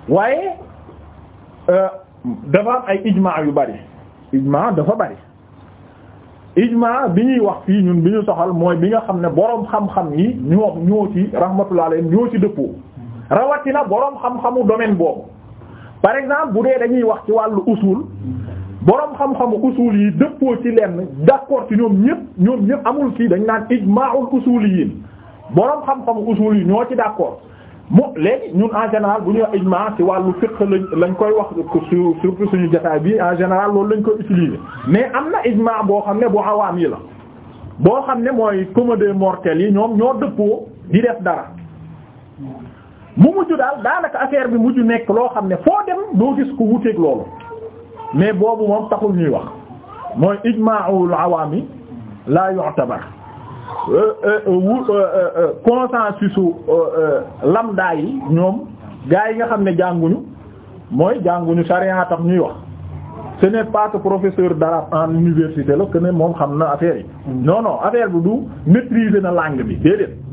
waaye dafa am ay ijmaa yu bari ijmaa dafa bari ijmaa bi ñuy wax fii ñun bi ñu soxal mooy bi nga xam ne boroom xam-xam yi ñoo ñoo ci rahmatullah alayhi ñoo ci dëppoo rawatina boroom xam-xamu domaine boobu par exemple bu dee dañuy wax ci wàllu usul boroom xam-xamu usul yi dëppoo ci lenn d'accord ci ñoom ñépp ñoom ñépp amul fii dañ naan ijmaa'ul usuliyin boroom xam-xamu usul yi ñoo ci d'accord moo léegi ñun en général bu ñu wax ijma ci wàllu fiqh lañ lañ koy wax surtout suñu jotaay bi en général loolu lañ koy utiliser mais am na ijma boo xam ne bu awaam yi la boo xam ne mooy commun des yi ñoom ñoo dëppoo di def dara mu mujj daal daanaka affaire bi mujj nekk loo xam ne foo dem doo gis ko wuteeg loolu mais boobu moom taxul ñuy wax mooy ijmaa'ul awaami la yu'tabar euh, euh, euh, consensus lambda yi ñoom gaa yi nga xam ne jànguñu mooy jànguñu sariya tax ñuy wax ce n'est pas que professeur d'arabe en université la que moom xam na affaire yi mm. non non bi du maîtriser na langue bi déedéet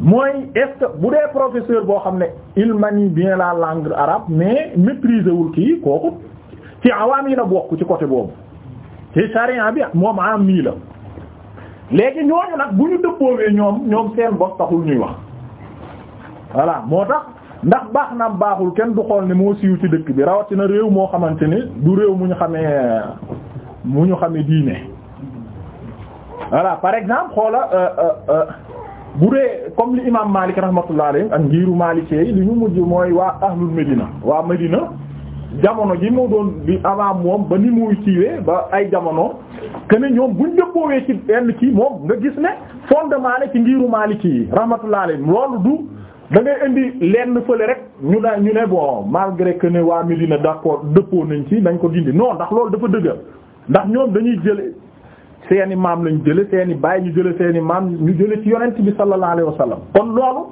mooy est bu dee professeur boo xam ne il manie bien la langue arabe mais maîtriser wul kii kooku ci awaam yi la bokk ci côté boobu ci charia bi moom am mii la léegi ñooñu nag bu ñu dëppoowee ñoom ñoom seen bos taxul ñuy wax voilà moo tax ndax baax na baaxul kenn du xool ne moo siiw ci dëkk bi rawatina réew moo xamante ni du réew mu ñu xamee mu ñu xamee diine voilà par exemple xoola euh, euh, euh, bu dee comme li imam Malik rahmatullahi alayhi ak ngiiru Malik yi li ñu mujj mooy waa ahlul Medina waa Medina jamono ji moo doon bi avant moom ba ni muy kiiwee ba ay jamono que ne ñoom buñ dëppoowee ci benn kii moom nga gis ne fondement ne ci ngiiru Malik yi rahmatullahi alayhi loolu du da indi lenn fële rek ñu ne ñu ne bon malgré que ne waa Medina d'accord dëppoo nañ ci nañ ko dindi non ndax loolu dafa dëgër ndax ñoom dañuy jële seeni maam lañ jële seeni baay ñu jële seeni maam ñu jële ci yonent bi sallallahu alayhi wa sallam kon loolu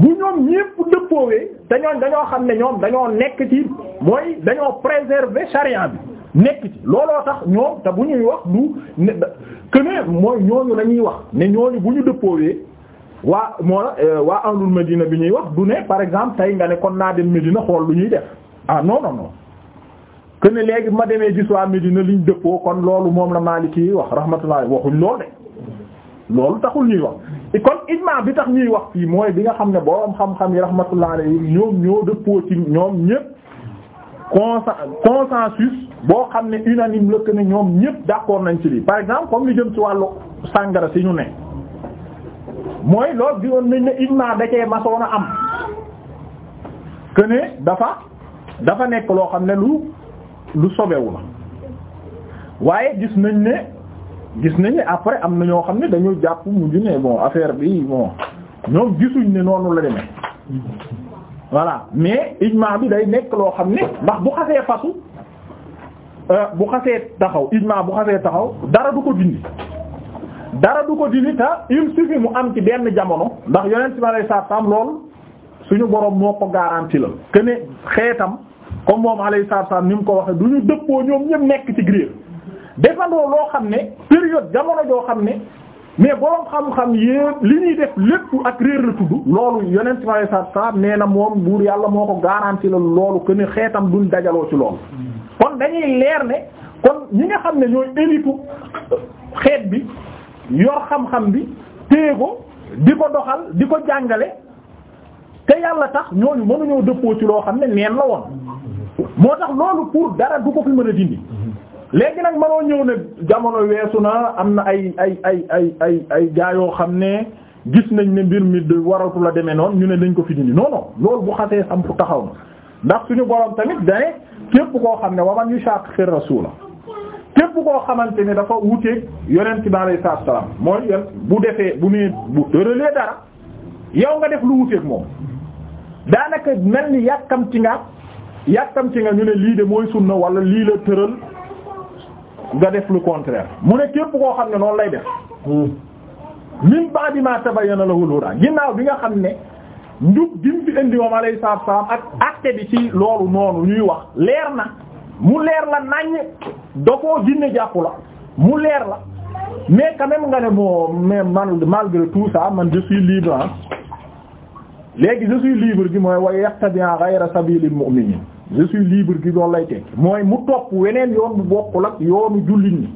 bu ñoom ñépp dëppoowee te ñooñ dañoo xam ne ñoom dañoo nekk ci mooy dañoo préserver charia bi nekk ci looloo tax ñoom te bu ñuy wax du ne mooy ñooñu la ñuy wax ne ñooñu bu ñu dëppoowee waa moo euh, waa ahlul Medina bi ñuy wax du ne par exemple tey nga ne kon naa dem Medina xool lu ñuy def ah non non que ne léegi ma demee gis waa Medina liñ dëppoo kon loolu moom la Maliki yi wax rahmatullah waxuñ loolu de loolu taxul ñuy wax kon ijmaa bi tax ñuy wax fii mooy bi nga xam ne boo xam-xam yi rahmatullah alayhi ñoom ñoo dëppoo ci ñoom ñépp consensus boo xam ne unanime la que ne ñoom ñépp d'accord nañ ci lii par exemple comme li jëm si wàllu sàngara si ñu ne mooy loolu di woon nañ ne ijmaa da cee masoon a am que dafa dafa nekk loo xam ne lu lu sobewu la waaye gis nañ ne gis nañ ne après am na ñoo xam ne dañoo jàpp mu ne moo affaire bi moo ñoom gisuñ ne noonu la demee voilà mais ijmaa bi day nekk loo xam ne ndax bu xasee fasu euh, bu xasee taxaw ijmaa bu xasee taxaw dara du ko dindi dara du ko dindi ta il suffit mu am ci benn jamono ndax yonent bi alayhi salaam lool suñu borom moo ko garanti la que ne xeetam. comme moom alayhi salaatu salaam ni mu ko waxee du ñu dëppoo ñoom ñëpp nekk ci grier defandoo loo xam ne période jamono joo xam ne mais borom xam-xam yépp li ñuy def lépp ak réer la tudd loolu yonent bi alayhi salaam nee na moom buur yàlla moo ko garanti la loolu que ne xeetam duñ dajaloo ci loolu kon dañuy leer ne kon ñi nga xam ne ñooy élite xeet bi yor xam-xam bi téye ko di ko doxal di ko jàngale te yàlla tax ñooñu mënuñoo dëppoo ci loo xam ne neen la woon moo tax loolu pour dara du ko fi mën a dindi léegi nag manoo ñëw ne jamono weesu na am na ay ay ay ay ay ay gaa yoo xam ne gis nañ ne mbir mi waratu la demee noonu ñu ne dañ ko fi dindi non loolu bu xasee am fu taxaw na ndax suñu borom tamit dane képp koo xam ne waman yu shaqiqir rasula képp koo xamante ne dafa wuteeg yonent bi alayhi salaam mooy yon bu defee bu nee bu tëralee dara yow nga def lu wuteeg moom daanaka mel ni yàkkamti nga yàkkamti nga ñu ne lii de mooy sunna wala lii la tëral nga def lu contraire mu ne képp koo xam ne noonu lay def hmm. min ba'di ma tabayyana lahul huda ginnaaw bi nga xam ne njub gim fi indi moom alayhi salaatu ak acte bi ci loolu noonu ñuy wax leer na mu leer la naññ dofoo jinne jàppu la mu leer la mais quand même nga ne moo mais malgré tout ça man je suis libre léegi je suis libre gi mooy wa yattabi'a ghayra sabilil mu'minin je libre gi loolu lay tekki mooy mu topp weneen yoon bu bokkul ak yoonu jullit ñi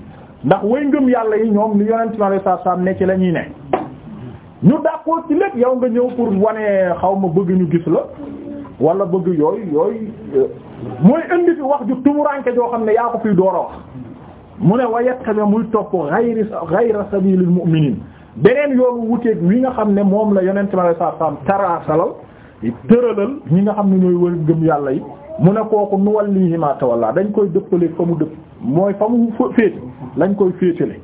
ndax way ngëm yàlla yi ñoom ni yonent bi sa salaam ne ci la ñuy ne ñu d'accord ci lépp yow nga ñëw pour wane xaw ma bëgg ñu gis la wala bëgg yooyu yooyu euh, mooy indi fi wax ju tumuranke joo xam ne yaa ko fiy door wax mu ne wa yattabi muy topp ghayra ghayra sabilil mu'minin beneen yoonu wuteeg wi nga xam ne moom la yonent bi saa saam taraasalal tëralal ñi nga xam ne ñooy wër gëm yàlla yi mu ne kooku nu wallihi ma walla dañ koy dëppaleeg fa mu dëpp mooy fa mu féete lañ koy féetale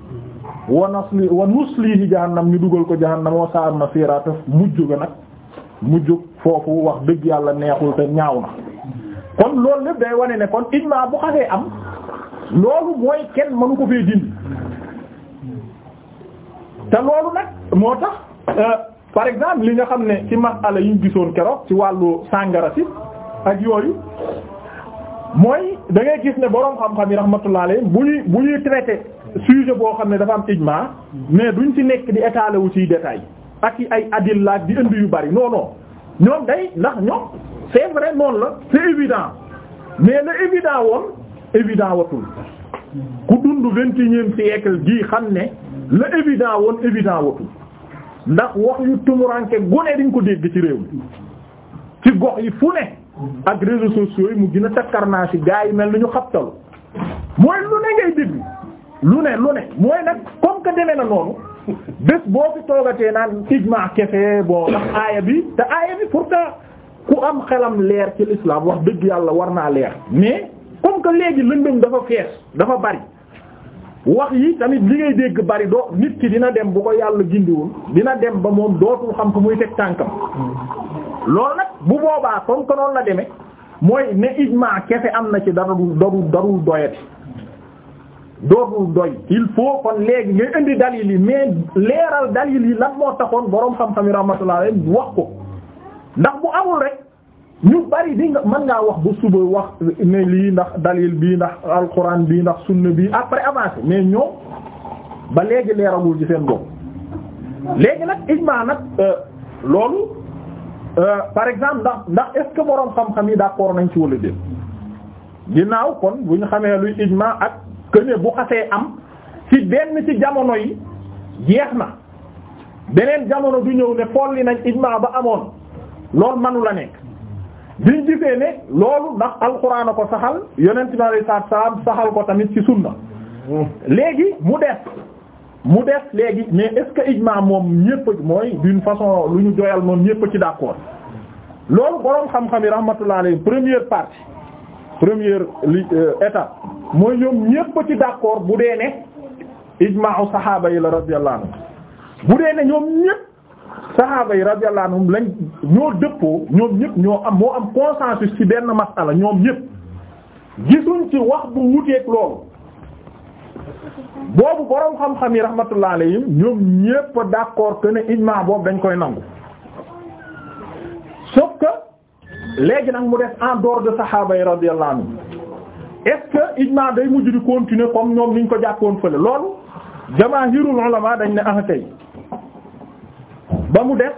wa nasli wa nuslihi jahannam ñu dugal ko jahannam wa sa'at masira taf mujj ga nag mujj foofu wax dëgg yàlla neexul te ñaaw na kon loolu lépp day wane ne kon ijma bu xasee am loolu mooy kenn mënu ko fee dindi te loolu nag moo tax euh, par exemple li nga xam ne ci masala yi ñu gisoon keroog ci wàllu sàngara si ak yooyu mooy dangay ngay gis ne boroom xam-xam yi rahmatullah alayhi bu ñuy bu ñuy traité sujet boo xam ne dafa am ijma mais duñ ci nekk di étaler wu ciy détail ak i ay adilla di indi yu bari non ñoom day ndax ñoom c'est vrai noonu la c'est évident mais le évident woon évident watul ku dund vingt et unième siècle gii xam ne la évident woon évident watu ndax wax yu tumuranke gone diñ ko dégg ci réew mi ci gox yi fu ne ak réseaux sociaux yi mu gën a takkarnaa ci gaa yi mel ni ñu xaptalu mooy lu ne ngay dégg lu ne lu ne mooy nag comme que demee na noonu bés boo fi toogatee naan ijma kese boo ndax aaya bi te aaya bi pourtant ku am xelam leer ci l'islam wax dëgg yàlla war naa leer mais comme que léegi lëndëm dafa fees dafa bari wax yi tamit li ngay dégg bari doo nit ki dina dem bu ko yàlla gindiwul dina dem ba moom dootul xam ko muy teg tànkam lool nag bu boobaa comme que noonu la demee mooy ne ijmaa kese am na ci darul darul darul doyati dootul doy il faut kon léegi ngay indi dalil yi mais leeral dalil yi lan moo taxoon boroom xam-xam yi rahmatullah wax ko ndax bu amul rek ñu bari di nga mën ngaa wax bu suba wax ne lii ndax dalil bii ndax alxuraan bii ndax sunna bii après avancé mais ñëw ba léegi leeragul ci seen bopp léegi nag ijmaa nag euh, loolu euh, par exemple ndax ndax est-ce que boroom xam-xam yi d'accord nañu ci wala déet ginnaaw kon bu ñu xamee luy ijmaa ak que bu xasee am ci benn ci jamono yi jeex na beneen jamono du ñëw ne folli nañ ijmaa ba amoon loolu manu la nekk. biñ gisee ne loolu ndax alxuraan a ko saxal yonent bi alayhi salaatu salaam saxal ko tamit ci sunna léegi mu des mu des léegi mais est-ce que ijmaa moom ñépp mooy d'une façon lu ñu joyal moom ñépp ci d'accord loolu boroom xam-xam yi rahmatullah alayhi première partie première li euh, état mooy ñoom ñépp ci d'accord bu dee ne u saxaaba yi la radiyallahu anhu bu dee ne ñoom ñépp saxaaba yi radiyallahu anhum lañ ñoo dëppoo ñoom ñëpp ñoo am moo am consensus ci benn masala ñoom ñëpp gisuñ ci wax bu wuteek loolu boobu boroom xam-xam yi rahmatullah alayhim ñoom ñëpp d'accord que ne ijmaa dañ koy nangu sauf que léegi nag mu def en dehors de saxaaba yi radiyallahu anhum est-ce que ijmaa day mujj di continuer comme ñoom niñ ko jàppoon fële loolu jamaahirul ulama dañ ne ah tey ba mu def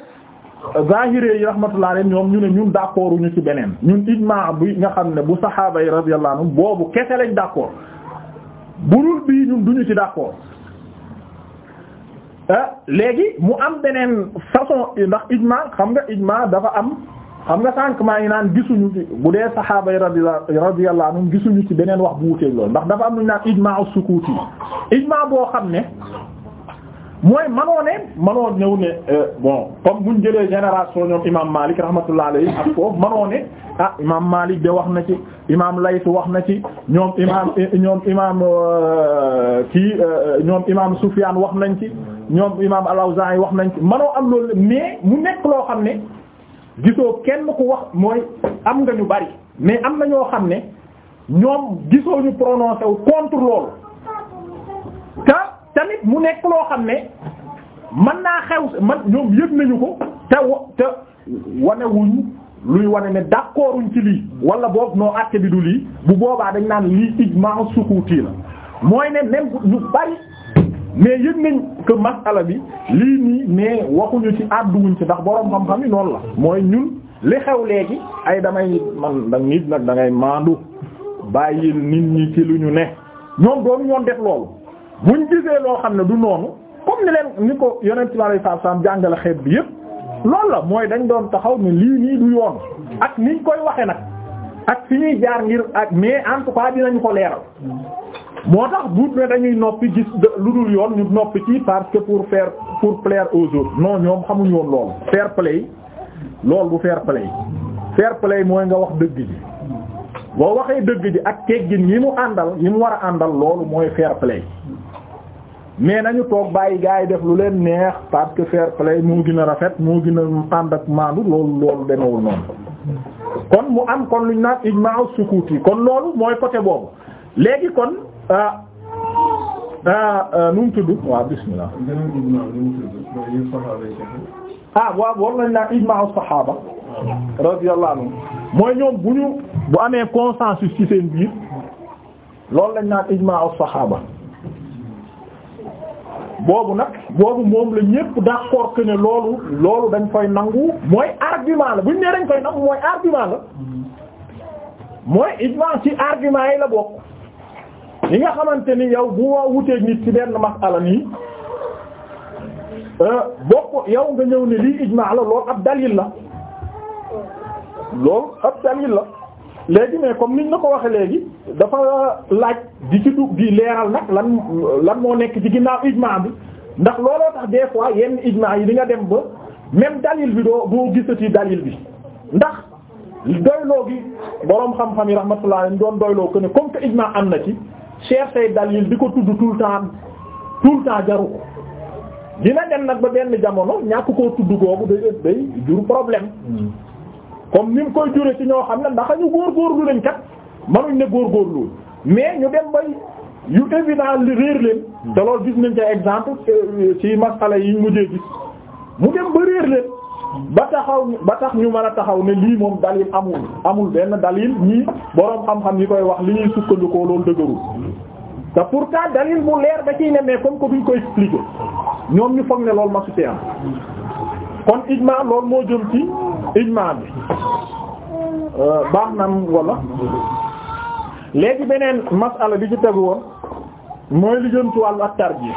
zahiri yi rahmatullah alayhi ñoom ñu ne ñun d'accord ñu ci beneen ñun ijmaa bi nga xam ne bu saxaaba yi radiyallahu boobu kese lañ bu burul bii ñun duñu ci d'accord ah, léegi mu am beneen façon ndax ijmaa xam nga ijmaa dafa am xam nga sànq maa ngi naan gisuñu ci bu dee saxaaba yi radiyallahu anhum gisuñu ci beneen wax bu wuteeg loolu ndax dafa am lu ñu naan ijmaa as-sukuuti ijmaa boo xam ne mooy manoo ne manoo ñëw ne euh, bon comme buñ jëlee génération ñoom imam Malik rahmatullah alayhi ak foofu manoo ne ah imam Malik de wax na ci imam Layth wax na ci ñoom imam ñoom imam euh, kii euh, ñoom imam Sufyan wax nañ ci ñoom imam al-Awza'i wax nañ ci manoo am loolu mais mu nekk loo xam ne gisoo kenn ku wax mooy am nga ñu bari mais am na ñoo xam ne ñoom gisoo ñu prononcé wu loolu tamit mu nekk loo xam ne man naa xew man ñoom yëg nañu ko te te wanewuñu luy wane ne d'accorduñ ci lii wala boog noo àtte bi du lii bu boobaa dañ naan lii ijmaa sukuuti la mooy ne même ñu bari mais yëg nañ que masala bi lii nii mais waxuñu ci àdduwuñ ci ndax boroom xam-xam yi noonu la mooy ñun li xew léegi ay damay man da nit nag da ngay maandu bàyyil nit ñi ci lu ñu ne ñoom doon ñoon def loolu muñ gisee loo xam ne du noonu comme ni leen ni ko yonent bi alayhi salaam jàngale xeet bi yépp loolu la mooy dañ doon taxaw ne lii nii du yoon ak niñ koy waxe nag ak fi ñuy jaar ngir ak mais en tout cas ko leeral moo tax buut ne dañuy noppi gis lu dul yoon ñu noppi ci parce que pour faire pour plaire aux autres non ñoom xamuñu woon loolu fair play loolu bu fair play fair play mooy nga wax dëgg ji boo waxee dëgg ji ak teggin yi mu àndal yi mu war a àndal loolu mooy fair mais nañu toog bàyyi gaa yi def lu leen neex parce que fair play moo gën a rafet moo gën a ànd ak maandu loolu loolu demewul noonu kon mu am kon luñ naan ijma'u sukuut yi kon loolu mooy côté boobu léegi kon ah ah, ah nu mu tudd waaw bismillah ah waaw mooy ñoom bu ñu bu amee consensus ci seen biir loolu lañ naan ijma'u saxaaba boobu nag boobu moom la ñépp d'accord que ne loolu loolu dañ koy nangu mooy argument la bu nee dañ koy nangu mooy argument la mooy ijmaa ci argument yi la bokk yi nga xamante ni yow bu waa wuteeg nit ci benn masala nii euh, bokk yow nga ñëw ne lii ijmaa la loolu ab dalil la loolu ab dalil la léegi mais comme niñ la ko waxee léegi dafa laaj di ci dugg di leeral nag lan lan moo nekk ci ginnaaw ijmaa bi ndax looloo tax des fois yenn ijmaa yi di nga dem ba même dalil bi doo boo gis ci dalil bi ndax doyloo gi boroom xam-xam yi rahmatullah doon doyloo ko ne comme que ijmaa am na ci chercher dalil di ko tudd tout le temps tout le temps jaru ko dina dem nag ba benn jamono ñàkk koo tudd googu day day jur problème hmm. comme ni mu koy jure ci ñoo xam ne ndax ñu góor góorgóorlu lañ kat mënuñ ne góorgóorlu mais ñu dem ba yu évident li réer leen te loolu gis nañ ca exemple ci masala yi ñu mujjee gis mu dem ba réer leen ba taxaw ba tax ñu mën a taxaw ne lii moom dalil amul amul benn dalil ñii boroom xam-xam yi koy wax li ñuy sukkandikoo loolu dëgërul te pourtant dalil bu leer da ciy ne mais comme que duñ ko expliquer ñoom ñu foog ne loolu ma su am kon ma loolu moo jëm ci ijmaa bi euh, baax nam wala léegi beneen masala bi ci tegu woon mooy li jëm ci wàllu ak tarjiix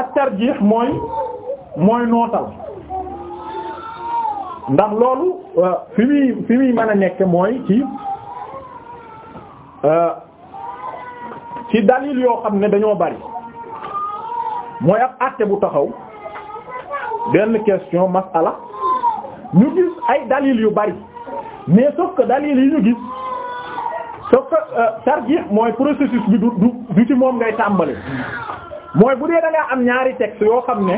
ak tarjiix mooy mooy nootal ndax loolu euh, fi muy fi muy mën a nekk mooy ci euh, ci dalil yoo xam ne dañoo bari mooy ab àtte bu taxaw benn question masala ñu gis ay dalil yu bari mais sauf ko dalil yi ñu gis sauf que euh, tarjih mooy processus bi du du du ci moom ngay tàmbali mooy bu dee da am ñaari texte yoo xam ne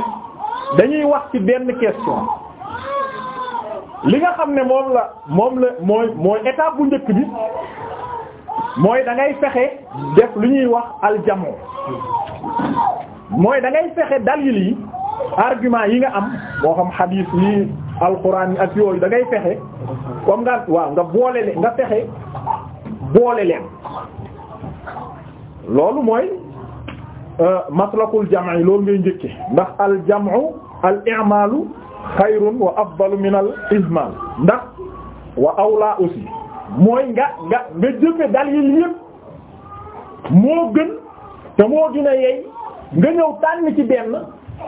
dañuy wax ci benn question li nga xam ne moom la moom la mooy mooy étape bu njëkk bi mooy da ngay fexe def lu ñuy wax aljamoo mooy dangay ngay fexe dalil yi argument yi nga am moo xam xadiis yi alxuraan yi ak yooyu da ngay fexe comme nga waaw nga boole leen nga fexe boole leen loolu mooy euh, maslakul jam'i loolu ngay njëkke ndax al jam'u al i'malu xayrun wa afdalu min al izmal ndax wa awla aussi mooy nga nga nga jëfe dalil yépp moo gën te moo gën a yey nga ñëw tànn ci benn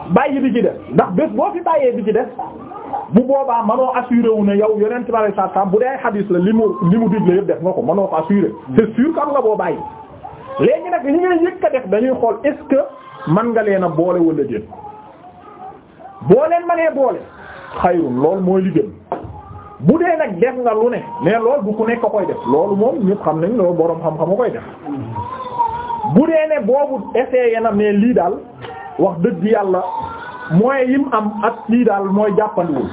bàyyi bi ci def ndax bés boo fi bàyyee bi ci def bu boobaa manoo assuré wu ne yow yeneen tubaab yi sax bu dee ay xadis la li mu li mu digle yëpp def nga ko manoo ko assuré hmm. c'est sûr que am nga boo bàyyi. léegi nag yi ngay yëkk def dañuy xool est que man nga leen a boole wala déet boo leen mënee boole xayrun lool mooy li dee nag def nga lu ne mais lool bu ku loolu moom ñëpp xam nañ loolu boroom xam-xam a koy def hmm. bu dee ne boobu essayé a mais lii daal. wax dëgg yàlla moyens yim am ak lii daal mooy jàppandiwul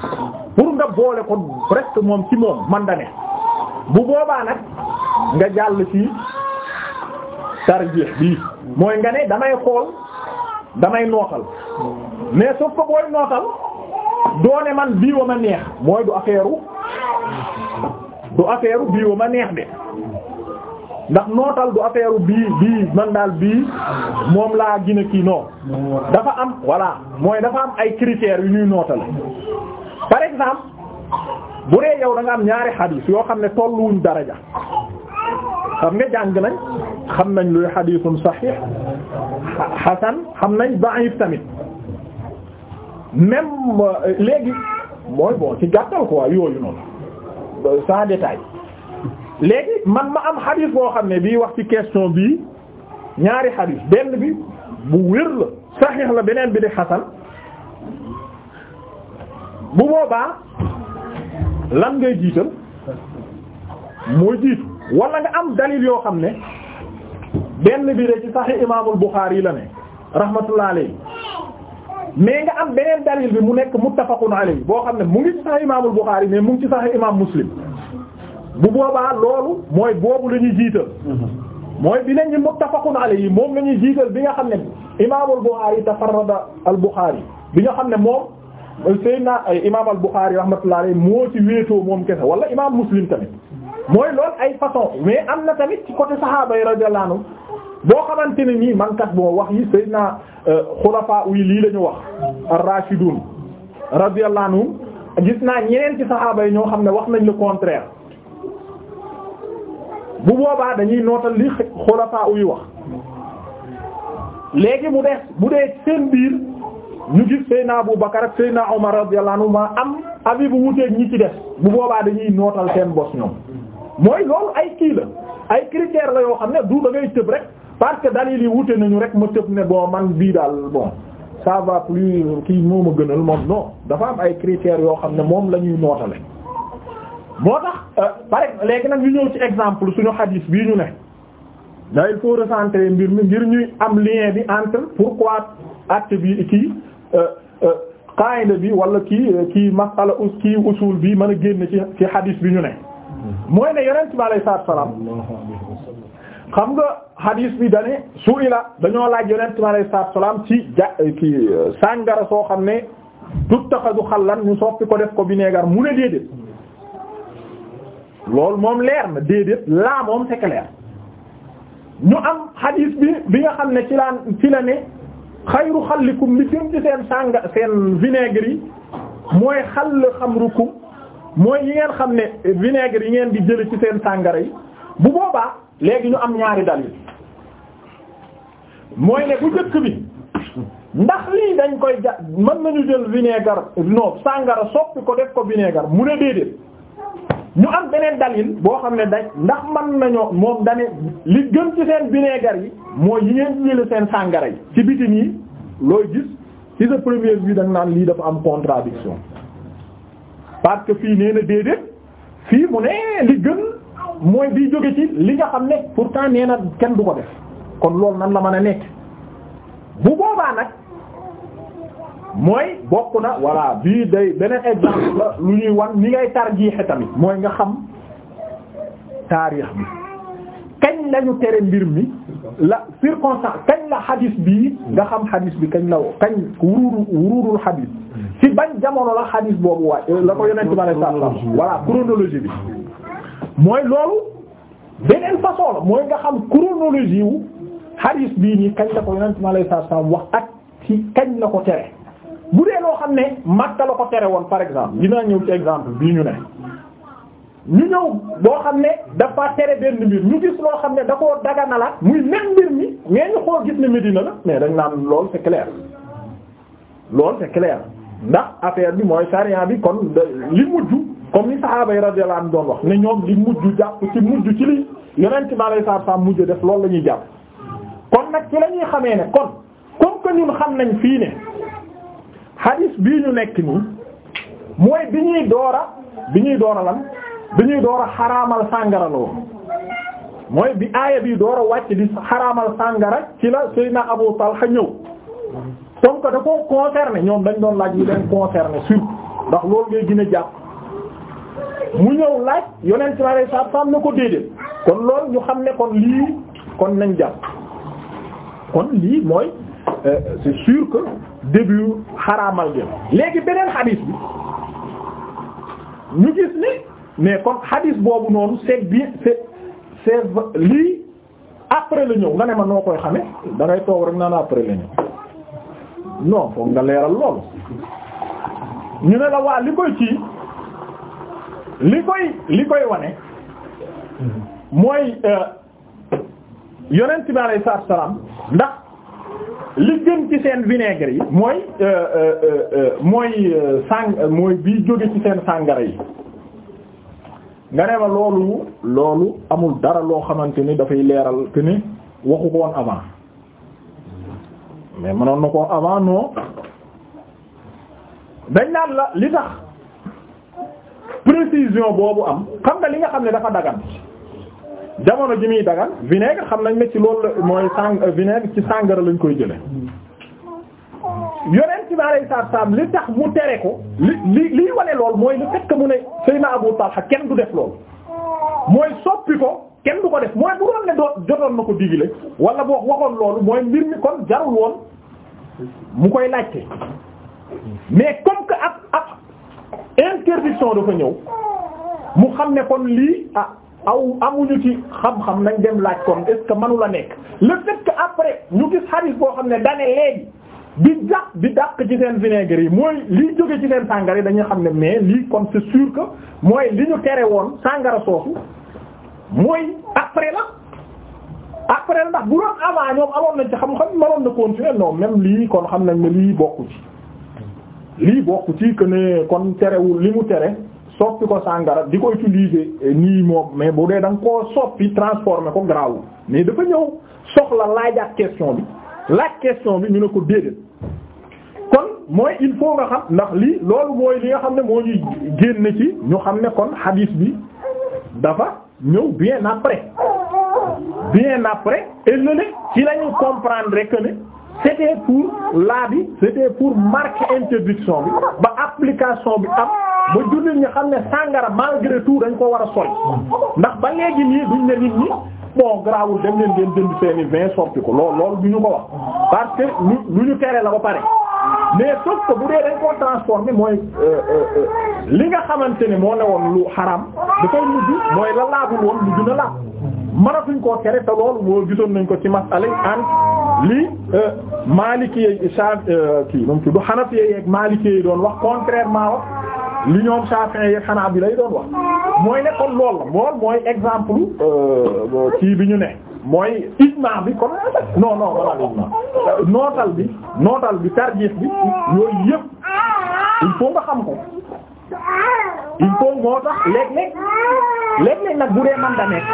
pour nga boole ko presque moom ci moom man da ne bu boobaa nag nga jàll ci tarjih bii mooy nga ne damay xool damay nootal mais sauf ko booy nootal doone man bii wa ma neex mooy du affaire du affaire bii ma neex de ndax nootal du affaire bii bii man daal bii moom laa gina kii non dafa am voilà mooy dafa am ay critères yu ñuy nootal par exemple bu dee yow da am ñaari xadiis yoo xam ne tolluwuñ daraja xam nga jàng nañ xam nañ luy xadiisun saxiix xasan xam nañ da'if tamit même euh, léegi mooy bon ci gàttal quoi yooyu noonu sans détail léegi man ma am xadis boo xam ne bii wax ci question bii ñaari xadis benn bi bu wér la saxiix la beneen bi di xasan bu boobaa lan ngay jiital mooy jiitu wala nga am dalil yoo xam ne benn bi de ci saxiix imaamul Buxaari yi la ne rahmatullah alayhi mais nga am beneen dalil bi mu nekk muttafaqun alayhi boo xam ne mu ngi ci saxiix imaamul Buxaari mais mu ngi ci imaam Muslim bu boobaa loolu mooy boobu lañuy jiital mooy bi nañ ñi muttafaqun alayhi moom la ñuy jiital bi nga xam ne imaam al-Bukhari tafarrada al-Bukhari bi nga xam ne moom naa imaam al-Bukhari rahmatullahi alayhi moo ci wéetoo moom kese wala imaam Muslim tamit mooy loolu ay façon mais am na tamit ci côté sahaaba yi radiyallahu anhu boo xamante ne nii man kat boo wax yi naa euh, xulafaa yi lii la wax ar-Rashidun radiyallahu anhu gis naa ñeneen ci sahaaba yi ñoo xam ne wax nañ le contraire bu boobaa dañuy nootal li xulafaa uy wax léegi mu des bu dee seen biir ñu gis Seyna Abu Bakar ak Seyna Omar radiyallahu anhu ma am abi bu wuteeg ñi ci des bu boobaa dañuy nootal seen bos ñoom mooy loolu ay kii la ay critères la yoo xam ne du da ngay tëb rek parce que dalil yi wute nañu rek ma tëb ne bon man bii daal bon ça va plus kii moo ma gënal moom non dafa am ay critères yoo xam ne moom la ñuy nootale boo tax euh, pare léegi nag ñu ñëw ci exemple suñu xadiis bii ñu ne da il faut recentrer mbir mi ngir ñuy am lien bi entre pourquoi acte bi kii euh, euh, qaida bi wala kii kii masala us kii usul bi mën a génn ci ci xadiis bi ñu ne mooy ne yonent bi alayhi salaatu salaam xam nga xadiis bi dane su ila dañoo laaj yonent bi alayhi salaam ci ja kii sàngara soo xam ne tuttaxadu xallan ñu soppi ko def ko vinaigre mu ne déedéet loolu moom leer na déedéet laa moom c'est clair ñu am xadiis bi bi nga xam ne ci laan ci la ne xayru xallikum li gën ci seen sànga seen vinaigre yi mooy xall xamrukum mooy yi ngeen xam ne vinaigre yi ngeen di jële ci seen sàngara yi bu boobaa léegi ñu am ñaari dal yi mooy ne bu jëkk bi ndax lii dañ koy ja mën nañu jël vinaigre non sàngara soppi ko def ko vinaigre mu ne déedéet ñu am beneen dalil boo xam ne dañ ndax man nañoo moom dane li gën ci seen vinaigre yi mooy yi ngeen jëlee seen sàngara yi ci bitim yi looy gis ci sa première vue da naan lii dafa am contradiction parce que fii nee na déedéet fii mu ne li gën mooy bi jóge ci li nga xam ne pour nee na kenn du ko def kon loolu nan la mën a nekk bu boobaa nag. mooy bokk na voilà bii day beneen exemple la lu ñuy wan ni ngay tarjiixe tamit mooy nga xam taarix bi kañ lañu tere mbir mi la circonstance kañ la xadis bii nga xam xadis bi kañ la kañ wuruuru wuruurul xadis ci bañ jamono la xadis boobu waay euh, la ko yonent bi alayhi salaam voilà chronologie bi mooy loolu beneen façon la mooy nga xam chronologie wu xadis bii nii kañ la ko yonent bi alayhi salaam wax ak ci kañ la ko tere bu dee loo xam ne Makka la ko tere woon par exemple dinaa ñëw ci exemple bii ñu ne ñu ñëw boo xam ne dafa tere benn mbir ñu gis loo xam ne da koo daganala muy même mbir mi mais ñu xool gis ne Medina la mais dañ naan lool c'est clair lool c'est clair ndax affaire bi mooy sariya bi kon li mujj comme ni sahaaba yi radiyallahu anhum doon wax ne ñoom li mujj jàpp ci mujj ci li yonent bi alayhi salaatu salaam mujj def loolu la ñuy jàpp kon nag ci la ñuy xamee ne kon comme que fii hadis bii ñu nekk nii mooy bi ñuy doora bi ñuy doora lan bi ñuy doora xaraamal sàngara la mooy bi aaya bi doora wàcc di xaraamal sàngara ci la Seydina Abu Talha ñëw comme que da koo concerné ñoom dañ doon laaj yu leen concerné surtout ndax loolu ngay gën jàpp mu ñëw laaj yonent ci lay saab saab na ko déedéet kon loolu ñu xam ne kon lii kon nañ jàpp kon lii mooy Euh, c'est sûr que début xaraamal gi léegi beneen xadiis bi ñu gis ni mais kon xadiis boobu noonu c'est bien c'est c'est lii après la ñëw nga ne ma noo koy xame dangay toog rek naan après la ñëw non foog nga leeral loolu ñu ne la waa li koy ci li koy li koy wane mooy euh, yonent bi alayhi ndax li gën ci seen vinaigre yi mooy euh, euh, euh, mooy sang mooy bi jóge ci seen sàngara yi nga ne ma loolu loolu amul dara loo xamante ni dafay leeral que ni waxu ko woon avant mais mënoon na ko avant non dañ naan la li tax précision boobu am xam nga li nga xam ne dafa dagan jamono ji muy dagal vinaigre xam nañ ne ci loolu mooy sang euh, vinaigre ci sàngara lañ koy jële yonent bi alayhi salaam li tax mu tere ko li li liy wane lool mooy lu fekk mu ne naa Seydina Abu Talha kenn du def lool mooy soppi ko kenn du ko def mooy bu doon ne doo jotoon na ko digle wala boo waxoon loolu mooy mbir mi kon jarul woon mu koy laajte mais comme que ab ab interdiction dafa ñëw mu xam ne kon lii ah. aw amuñu ci xam-xam nañ dem laaj kon est ce a mënu la nekk le fait que après ñu gis xaris boo xam ne dane léegi bi jàpp bi dàq ci seen vinaigre yi mooy lii jóge ci seen sàngara yi dañuy xam ne mais lii kon c'est sûr que mooy li ñu tere woon sàngara soosu mooy après na après la ndax bu doon avant ñoom amoon nañ ci xam-xam mënoon na continuer non même lii kon xam nañ ne lii bokku ci lii bokku ci que kon terewul li mu tere soppi ko sangara di ko utiliser eh, nii moom mais bu dee danga nga koo soppi transformer ko garaawul mais dafa ñëw soxla laaj laajaat question bi laaj question bi ñu ne ko déedéet kon mooy il faut nga xam ndax lii loolu mooy li nga xam ne moo ñuy génn ci ñu xam ne kon hadith bi dafa ñëw bien après bien après et lële ci lañu comprendre que ne. c'était pour laa bi c'était pour marquer interdiction bi ba application bi am ba jullit ñi xam ne sàngara malgré tout dañ ko war a sori ndax ba léegi nii duñ ne nit ñi bon garaawul dem leen ngeen jënd seeni vin sorti ko lool lool du ñu ko wax parce que lu lu ñu tere la ba pare mais sauf que bu dee dañ koo transformer mooy euh, euh, euh, li nga xamante ne moo ne woon lu xaram dafay mujj mooy la laabul woon mujj na laab mënatuñ koo tere te lool moo gisoon nañ ko ci masala an li euh, maliki yeeg euh, kii moom tudd hanafi yeeg maliki yi doon wax contrairement wax li ñoom Shafi'i yeeg xanaa bi lay doon wax. mooy ne kon loolu mooy exemple euh, kii bi ñu ne mooy ijma bi kon non non nootal bi nootal bi tarjih bi yooyu yëpp il faut nga xam ko. il faut moo tax léeg nag bu dee man da nekk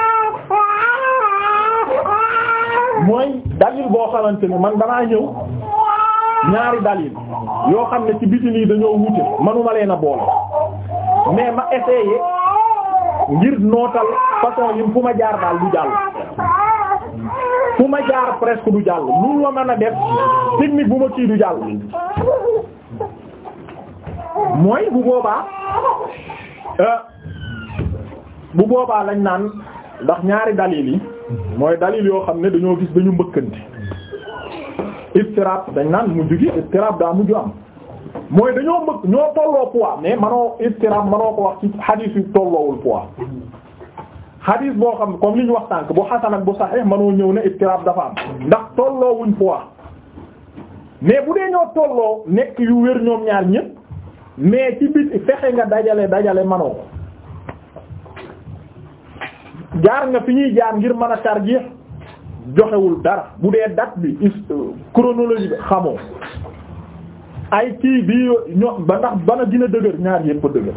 mooy dalil boo xamante ne man damaa ñëw ñaari dalil yoo xam ne ci biti dañoo wute manuma leen a boole mais ma essayé ngir nootal façon yim fu ma jaar daal du jàll fu ma jaar presque du jàll lu la mën a def technique bu ma kii du jàll mooy bu boobaa euh, bu boobaa lañ naan ndax ñaari dalil yi mooy dalil yoo xam ne dañoo gis dañu mbëkkante istiraab dañ naan mujj gi istiraab daa mujj am mooy dañoo mbëkk ñoo tolloo poids mais manoo istiraab manoo ko wax ci xadiis yu tolloowul poids xadiis boo xam comme li ñu wax tànk bu xasan ak bu saxiix manoo ñëw ne istiraab dafa am ndax tolloowuñ poids mais bu dee ñoo tolloo nekk yu wér ñoom ñaar ñépp mais ci bit fexe nga dajale dajale manoo ko jaar nga fi ñuy jaar ngir mën a tarjih joxewul dara bu dee date bi euh, chronologie bi xamoo ay kii bii ño ba ndax bana dina dëgër ñaar pour dëgër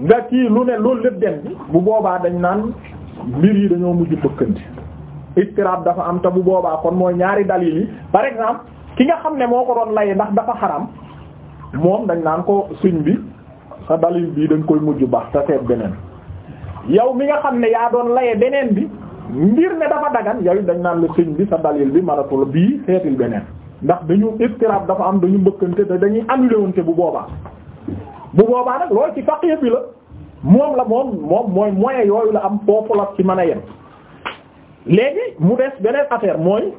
nga kii lu ne loolu lépp den bi bu boobaa dañ naan mbir yi dañoo mujj bëkkandi istiraab dafa am te bu boobaa kon mooy ñaari dalil yi par exemple ki nga xam ne moo ko doon lay ndax dafa xaram moom dañ naan ko suñ bi sa dalil bii dañ koy mujj baax te seet beneen yow mi nga xam ne yaa doon laye beneen bi mbir ne dafa dagan yow dañ naan la sëñ bi sa dalil bi manatul bii seetil beneen ndax dañu istiraab dafa am dañu mbëkkante te dañuy annulé wante bu boobaa bu boobaa nag loolu ci faq yëpp la moom la moom moom mooy moyen yooyu la am foofu la ci mën a yen léegi mu des beneen affaire mooy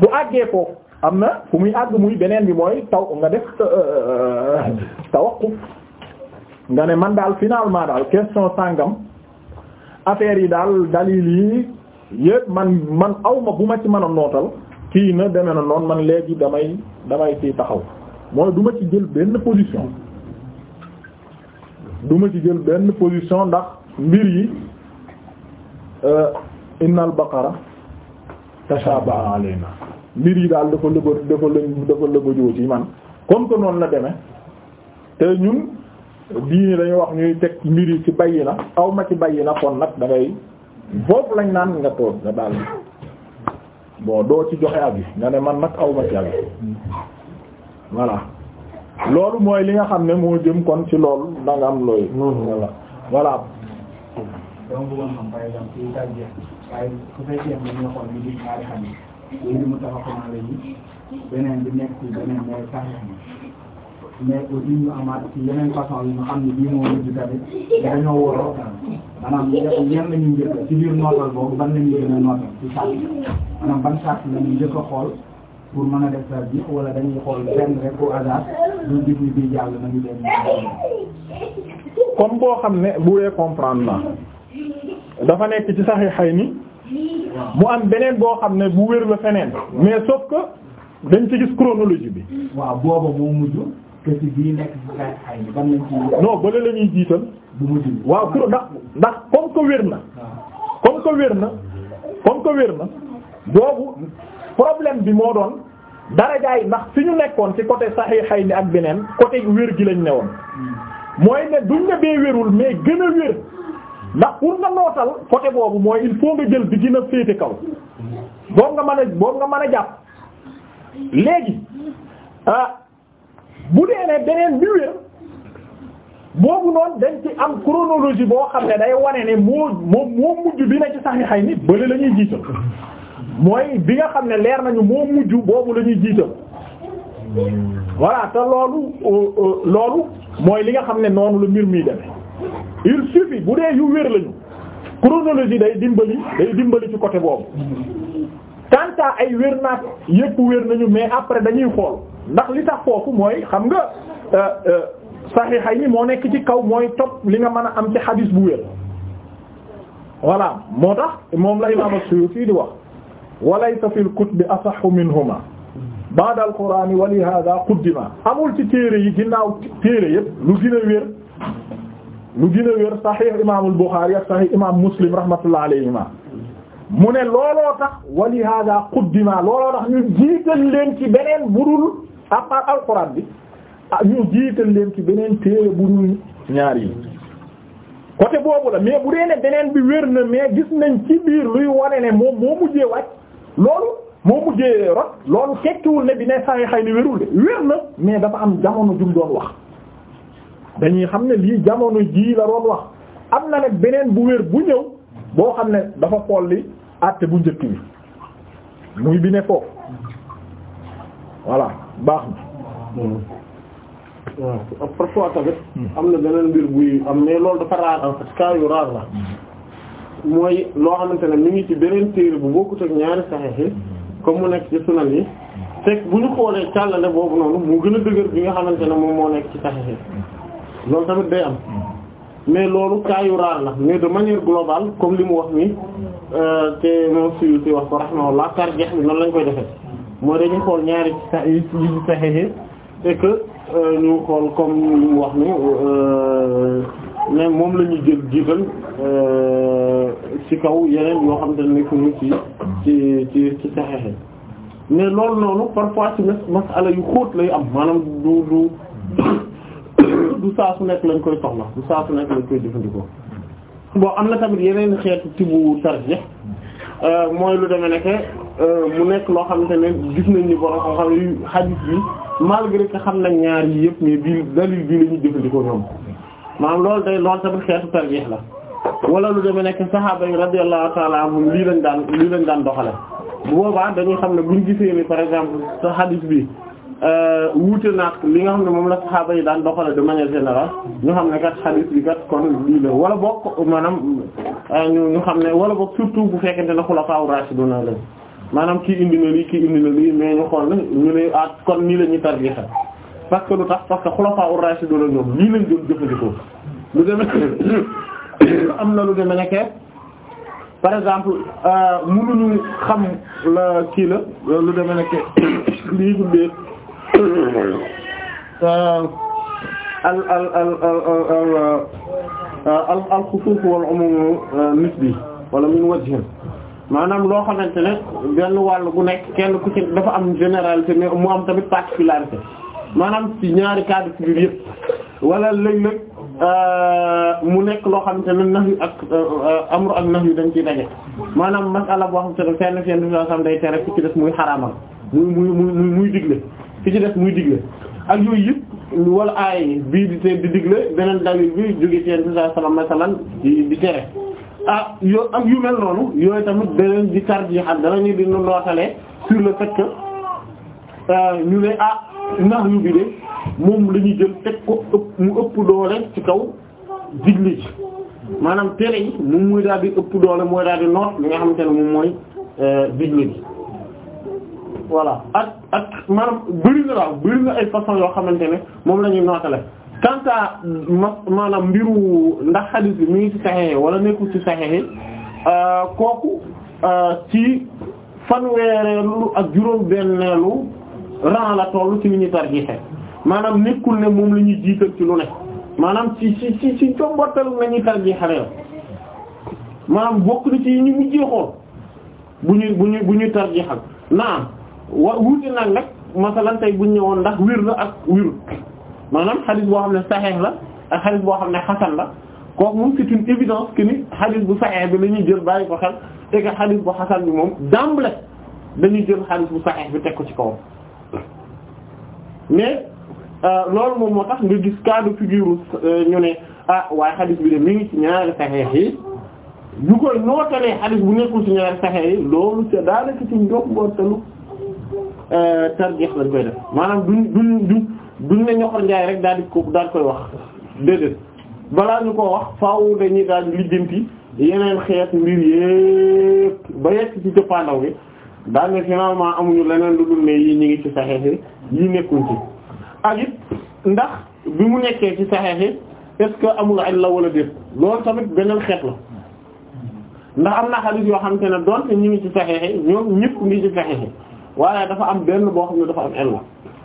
bu àggee foofu am na fu muy àgg muy beneen bi mooy taw nga def euh, euh, euh, tawaqquf nga ne man daal finalement daal question sàngam affaire yi daal dalil yi yépp man man awma bu ma ci man a nootal kii na deme na noonu man léegi damay damay ciy taxaw mooy duma ci jël benn position duma ci jël benn position ndax mbir yi euh, innal baqara tashabaha alayna mbir yi daal dafa lëba dafa lë dafa lëbajoo ci man comme que noonu la deme te ñun diine dañu wax ñuy teg mbir yi ci bayyi na aw ma ci bayyi na kon nag da ngay lañ naan nga toog nga daal bon doo ci joxe avis nga ne man nag aw ma ci avis voilà loolu mooy li nga xam ne moo jëm kon ci lool da nga am looy voilà mais aussi ñu amaat ci yeneen façon yi nga xam ne bii moo mujj tamit dañoo waroo maanaam yan la ñuy njëkk ci biir nootal boobu ban la ñuy gën a nootal ci sàrt maanaam ban sàrt la ñuy njëkk a xool pour mën a def sàrt bi wala dañuy xool benn rek au hasard duñ gis ni bii jàll nañu leen comme koo xam ne bu dee comprendre na dafa nekk ci Sahihayni mu am beneen boo xam ne bu wér la feneen mais sauf que dañ ci gis chronologie bi waaw booba moo mujj que ci bii nekk ay ban lañ ci. non bële la ñuy jiital. bu waaw pour ndax ndax comme ko ah. wér na. comme ko wér na comme wér na boobu problème bi moo doon dara darajaay ndax fi ñu nekkoon ci côté Sahihayni ak beneen côté wér gi lañ newoon. Hmm. mooy ne duñ ne bee wérul mais gën a wér ndax pour nga nootal côté boobu mooy il faut nga jël bi gën a féete kaw hmm. boobu nga mën a boobu nga mën a jàpp léegi ah, bu dee ne beneen bi wér boobu noonu dañ ci am chronologie boo xam ne day wane ne moo moom moo mujj bi na ci sax ni xay ni bële la ñuy jiital mooy bi nga xam ne leer nañu moo mujj boobu la ñuy jiital voilà te loolu euh, euh, loolu mooy li nga xam ne noonu la mbir mi deme il suffit bu dee yu wér lañu chronologie day dimbali day dimbali ci côté boobu quant à ay wér naat yépp wér nañu mais après dañuy xool ndax li tax foofu mooy xam nga euh, euh, saxiixa yi moo nekk ci kaw mooy top li nga mën am ci xadiis bu wér voilà moo tax moom la imaam as-Suyuti di wax walaysa fil kutubi asaxu minhuma ba'da al-Qur'an wa li hada quddima amul ci téere yi ginnaaw téere yëpp lu gën a wér lu gën a wér saxiix imaamul Buxaari ak saxiix imaam Muslim rahmatullah alayhima mu ne looloo tax wa li quddima looloo tax ñu jiital leen ci beneen budul à part alxuraan bi ah ñu jiital leen ci beneen téere bu dul ñaar yi côté boobu la mais bu dee ne beneen bi wér na mais gis nañ ci biir luy wone ne moom moo mujjee wàcc loolu moo mujjee rot loolu tekkiwul ne bi ne saxee xëy na wérul de wér na mais dafa am jamono jum doon wax dañuy xam ne lii jamono jii la doon wax am na nag beneen bu wér bu ñëw boo xam ne dafa xool li àtte bu njëkk bi muy bi ne foofu voilà baax na tamit am na beneen mbir buy am mais loolu dafa raar en fait raar la mooy loo xamante ne mi ngi ci beneen téere bu bokkut ak ñaari saxeex yi comme mu nekk ci sunan yi fekk bu ñu xoolee càllale boobu noonu mu gën a dëgër bi nga xamante ne moom moo nekk ci saxeex yi loolu tamit day am mais loolu cas yu raar la mais de manière globale comme li mu wax nii euh, te moom Suyuti wax ko rahimahullah tarjeex bi noonu lañ koy defee mooy dañuy xool ñaari yi ci saxiix et que euh, ñu xool comme li mu wax ni mais euh, moom la ñu jël jiital euh, ci kaw yeneen yoo xam ne nekkuñu ci ci ci ci saxiix mais loolu noonu parfois ci masala yu xóot lay am maanaam du du du saa su nekk lañ koy soxla du saa su nekk lañ koy jëfandikoo bon am na tamit yeneen xeetu tibu tarjih mooy lu demee nekk. Euh, mu nekk loo xamante ne gis nañ ni borom xam-xam yu bi malgré que xam nañ ñaar yi yëpp mais bii dalil bii la ñuy jëfandikoo ñoom maanaam loolu day loolu tamit xeetu tarjih la wala lu demee nekk saxaaba yi radiyallahu ta'ala anhum lii lañ daan lii lañ daan doxale bu boobaa dañuy xam ne buñ gisee ni par exemple sa hadith bi euh, wuute naag li nga xam ne moom la saxaaba yi daan doxale de manière générale ñu xam ne kat hadith bi kat kon lii la wala bokk maanaam euh, ñu ñu xam ne wala bokk surtout bu fekkente ne xulafaa ur-raashiduna lañ maanaam kii indi na lii kii indi na lii mais ñu xool ne ñu ne ah kon nii la ñuy tarbiya parce que lu tax parce que xulafaa ur raashidun la ñoom lii lañ doon jëfandikoo lu demee am na lu demee nekkee par exemple euh, mënuñu xam la kii la lu deme nekkee lii tuddee euh, al al al al al al euh, xusuus wal umum nisbi wala min wajhin maanaam loo xamante ne benn wàll bu nekk kenn ku ci dafa am généralité mais mu am tamit particularité maanaam ci ñaari cadre ci biir yëpp wala léeg-léeg euh, mu nekk loo xamante ne nax yu ak euh, euh, amru ak nax yu dañ ciy daje maanaam masala boo xamante ne fenn fenn soo day tere fi ci def muy xaraamal muy muy muy muy digle fi ci def muy digle ak yooyu yëpp wala aay bii di te di digle beneen dawil bi jóge ci yenn di tere. ah yoo ak yu mel noonu yooyu tamit beneen di tarji xam danañu di nootalee sur le fait que euh, ñu ne ah nax yu bi de moom la ñu jël teg ko ëpp mu ëpp doole ci kaw digle ji maanaam tere yi moom mooy daal di ëpp doole mooy daal di noot li nga xamante ne moom mooy euh, digle ji voilà ak ak maanaam bëri na daal bëri na ay façon yoo xamante ne moom la ñuy nootale kanta ma maanaam mbiru ndax xadis bi mu ngi ci saxexe wala nekkul ci saxexe euh, kooku euh, ci fanweereelu ak juróom benneelu ran la toll ci li ñuy tarjixe maanaam nekkul ne moom la ñuy jiital ci lu ne maanaam ci ci ci ci jombottalu na ñuy tarjixale maanaam bokk na ci ñu mujjee xool bu ñuy bu ñuy bu ñuy tarjixal naam wa wuute nag nag masalan tey bu ñëwoon ndax wir la ak wirut maanaam xadis boo xam ne saxeex la ak xadis boo xam ne xasan la kooku moom c'est une évidence que ni xadis bu saxeex bi la ñuy jël bàyyi ko xel et que xadis bu xasan bi moom d'emblée dañuy jël xadis bu saxeex bi teg ko ci kaw mais euh, loolu moom moo tax nga gis cas de figure euh, ñu ne ah waaye xadis bi de mi ngi ci ñaari saxeex yi ñu koy nootalee xadis bu nekkul ci ñaari saxeex yi loolu ca daanaka ci njom mboortalu euh, tarjeex lañ koy def maanaam duñ duñ duñ duñ ne ñoxor njaay rek daal di ko daal koy wax déedéet balaa ñu ko wax faaw dañuy daal lijjanti yeneen xeet mbir yépp ba yegg ci jëppaandaw bi daal ne finalement amuñu leneen lu dul ne yii ñu ngi ci saxeexi yi nekkuñ ci ak ndax bi mu nekkee ci saxeexi est-ce ay amul illa wala loolu tamit beneen xeet la ndax am na hadith yoo xam te ne doon ñu ngi ci saxeexi ñoom ñëpp ngi ci saxeexi waaye dafa am benn boo xam ne dafa am illa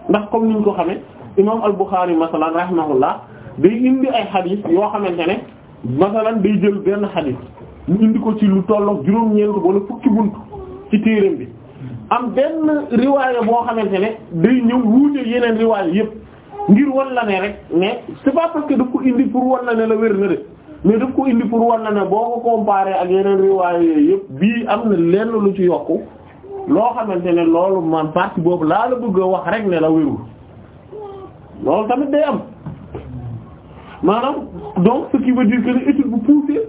ndax comme niñ ko xamee imam al-Bukhari masalan rahimahullah day indi ay xadis yoo xamante ne masalan day jël benn xadis mu indi ko ci lu tollook juróom-ñeent wala fukki bunt ci téereem bi am benn riwaaya boo xamante ne day ñëw wuute yeneen riwaaya yépp ngir wan la ne rek mais c'est pas parce que daf ko indi pour wan la ne la wér na de mais daf ko indi pour wan la ne boo ko comparé ak yeneen riwaaya yépp bii am na lenn lu ci yokku loo xamante ne loolu man partie boobu laa la bëgg wax rek ne la wérul loolu tamit day am maanaam donc ce qui veut dire que étude bu poussée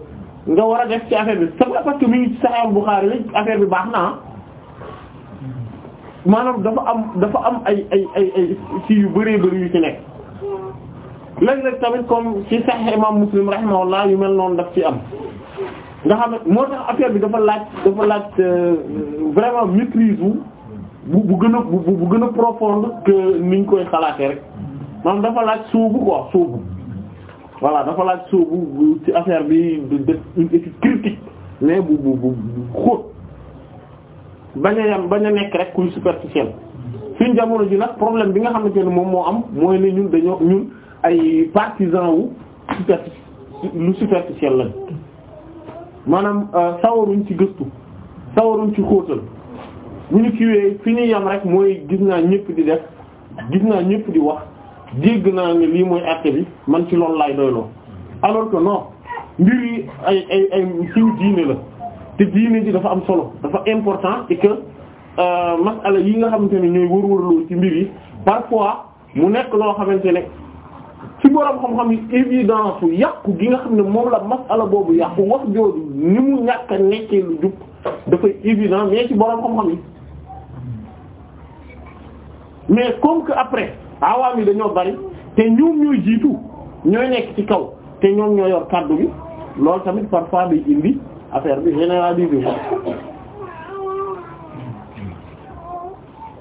nga war a def ci affaire bi c'est pas parce que mi ngi ci Sahih Bukhari affaire bi baax naa ah. maanaam dafa am dafa am ay ay ay ay ci yu bëree bëri yu ci nekk léeg-léeg tamit comme ci Sahih Imam Muslim rahimahullah yu mel noonu daf ci am nga xam ne moo tax affaire bi dafa laaj dafa laaj euh, vraiment maîtrise bu bu gën a bu bu gën a profonde que niñ koy xalaatee rek maanaam dafa laaj sóobu quoi sóobu voilà dafa laaj sóobu ci affaire bi def une étude critique mais bu bu bu xóot bañ a yam bañ a nekk rek kuy superficiel suñ jamono ji nag problème bi nga xam ne ni moom moo am mooy ne ñun dañoo ñun ay partisan wu superfici lu superficiel lañ maanaam euh, sawaruñ ci gëstu sawaruñ ci xóotal bu ñu kiiwee fi ñuy yam rek mooy gis naa ñëpp di def gis naa ñëpp di wax dégg naa ne lii mooy àtte bi man ci loolu laay doyloo alors que non mbir yi ay ay ay suñu diine la te diine ji dafa am solo dafa important et que euh, masala yi nga xamante ne ñooy wërwërloo ci mbir yi parfois mu nekk loo xamante ne ci borom xam-xam yi évidence yàqu gi nga xam ne moom la masala boobu yàqu wax jooju ni mu ñàkk a nekkee lu jub dafay évident mais ci borom xam-xam yi mais comme que après. awaam yi dañoo bari te ñoom ñooy jiitu ñooy nekk ci kaw te ñoom ñoo yor kaddu bi loolu tamit parfois day indi affaire bi généralisé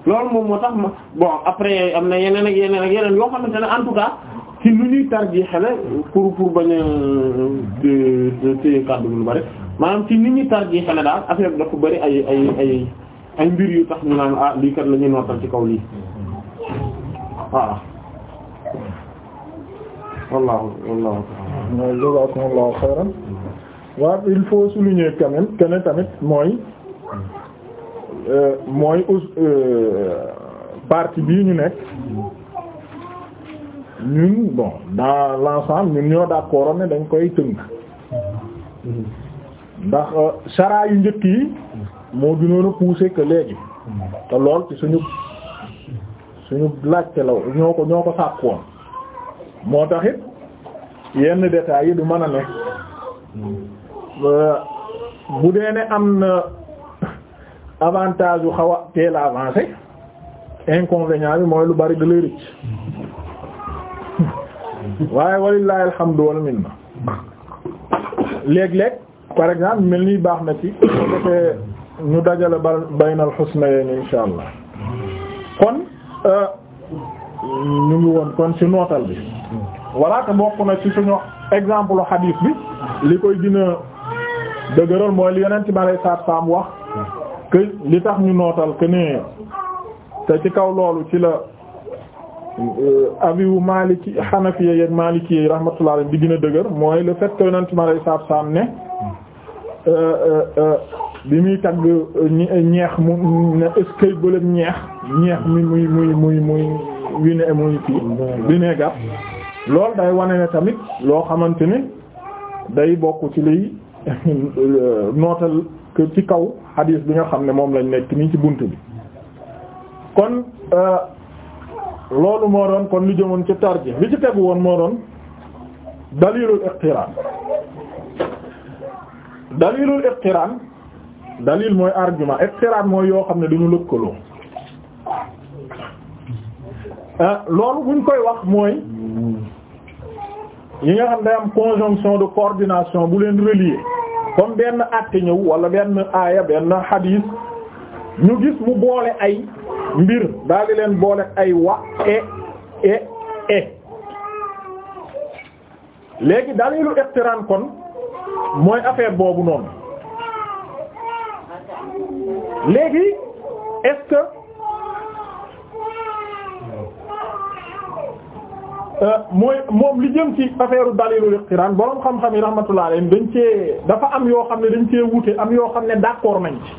loolu moom moo tax ma bon après am na yeneen ak yeneen ak yeneen yoo xamante ne en tout cas ci lu ñuy tarji xele pour pour bañ a euh, téye kaddu bi lu bari maanaam ci ni ñuy tarji xele daal affaire bi dafa bari ay ay ay mbir yu tax ñu naan ah lii kat la ñuy nootal ci kaw lii voilà wallaahu wallaahu ta'ala jazakumullahu khayran waaw il faut souligner quand même que ne tamit mooy euh, mooy euh, partie bii ñu nekk ñun bon dans l'ensemble ñun ñoo d'accord ne dañ koy tënk ndax saraa euh, yu njëkk yi moo gënoon a poussé que léegi te lool ci suñu suñu laajte la ñoo ko ñoo ko sàkkoon moo taxit yenn détails yi du man a ne euh, bu dee ne am na avantage yu xaw a teel a avancé inconvénient bi mooy lu bari da lay rëcc waaye walillahi alhamdu wal minna léeg par exemple mel ni baax na ci su ñu dajale baynal husnayni insha allah kon Euh, ñu ngi woon kon ci nootal bi voilà te bokk na ci suñu exemple hadith bi li koy dina dëgëral mooy li yonent bi alayhi salaatu salaam wax que li tax ñu nootal que ne te ci kaw loolu ci la euh, aviwu Maliki Hanafiya yeeg Maliki yi rahmatullah alayhi bi gën a dëgër mooy le fait que yonent bi alayhi salaatu salaam ne euh, bi muy tagg euh, euh, ñeex mu ne eskay bëlëb ñeex ñeex mi muy muy muy muy wi ne muy kii vinaigre day wane ne tamit loo xamante ni day bokk ci liy euh, nootal que ci kaw hadis bi nga xam ne moom lañ nekk nii ci bunt bi kon loolu moo doon kon li jëmoon ci tarji li ci tegu woon moo doon dalilul iqtiraan dalilul iqtiraan dalil mooy argument extrait mooy yoo xam ne ñu lëkkaloo ah, loolu buñ koy wax mooy yi nga xam day am conjonction de coordination bu leen relier comme benn àtte ñëw wala benn aaya benn hadith ñu gis mu boole ay mbir daal di leen boole ay wa e e e léegi dalilu iqtiran kon mooy affaire boobu noonu léegi est-ce que euh, mooy moom li jëm ci affaire dalilu iqtiraan borom xam-xam yi rahmatullah alayhim dañ cee dafa am yoo xam ne dañ cee wute am yoo xam ne d'accord nañ ci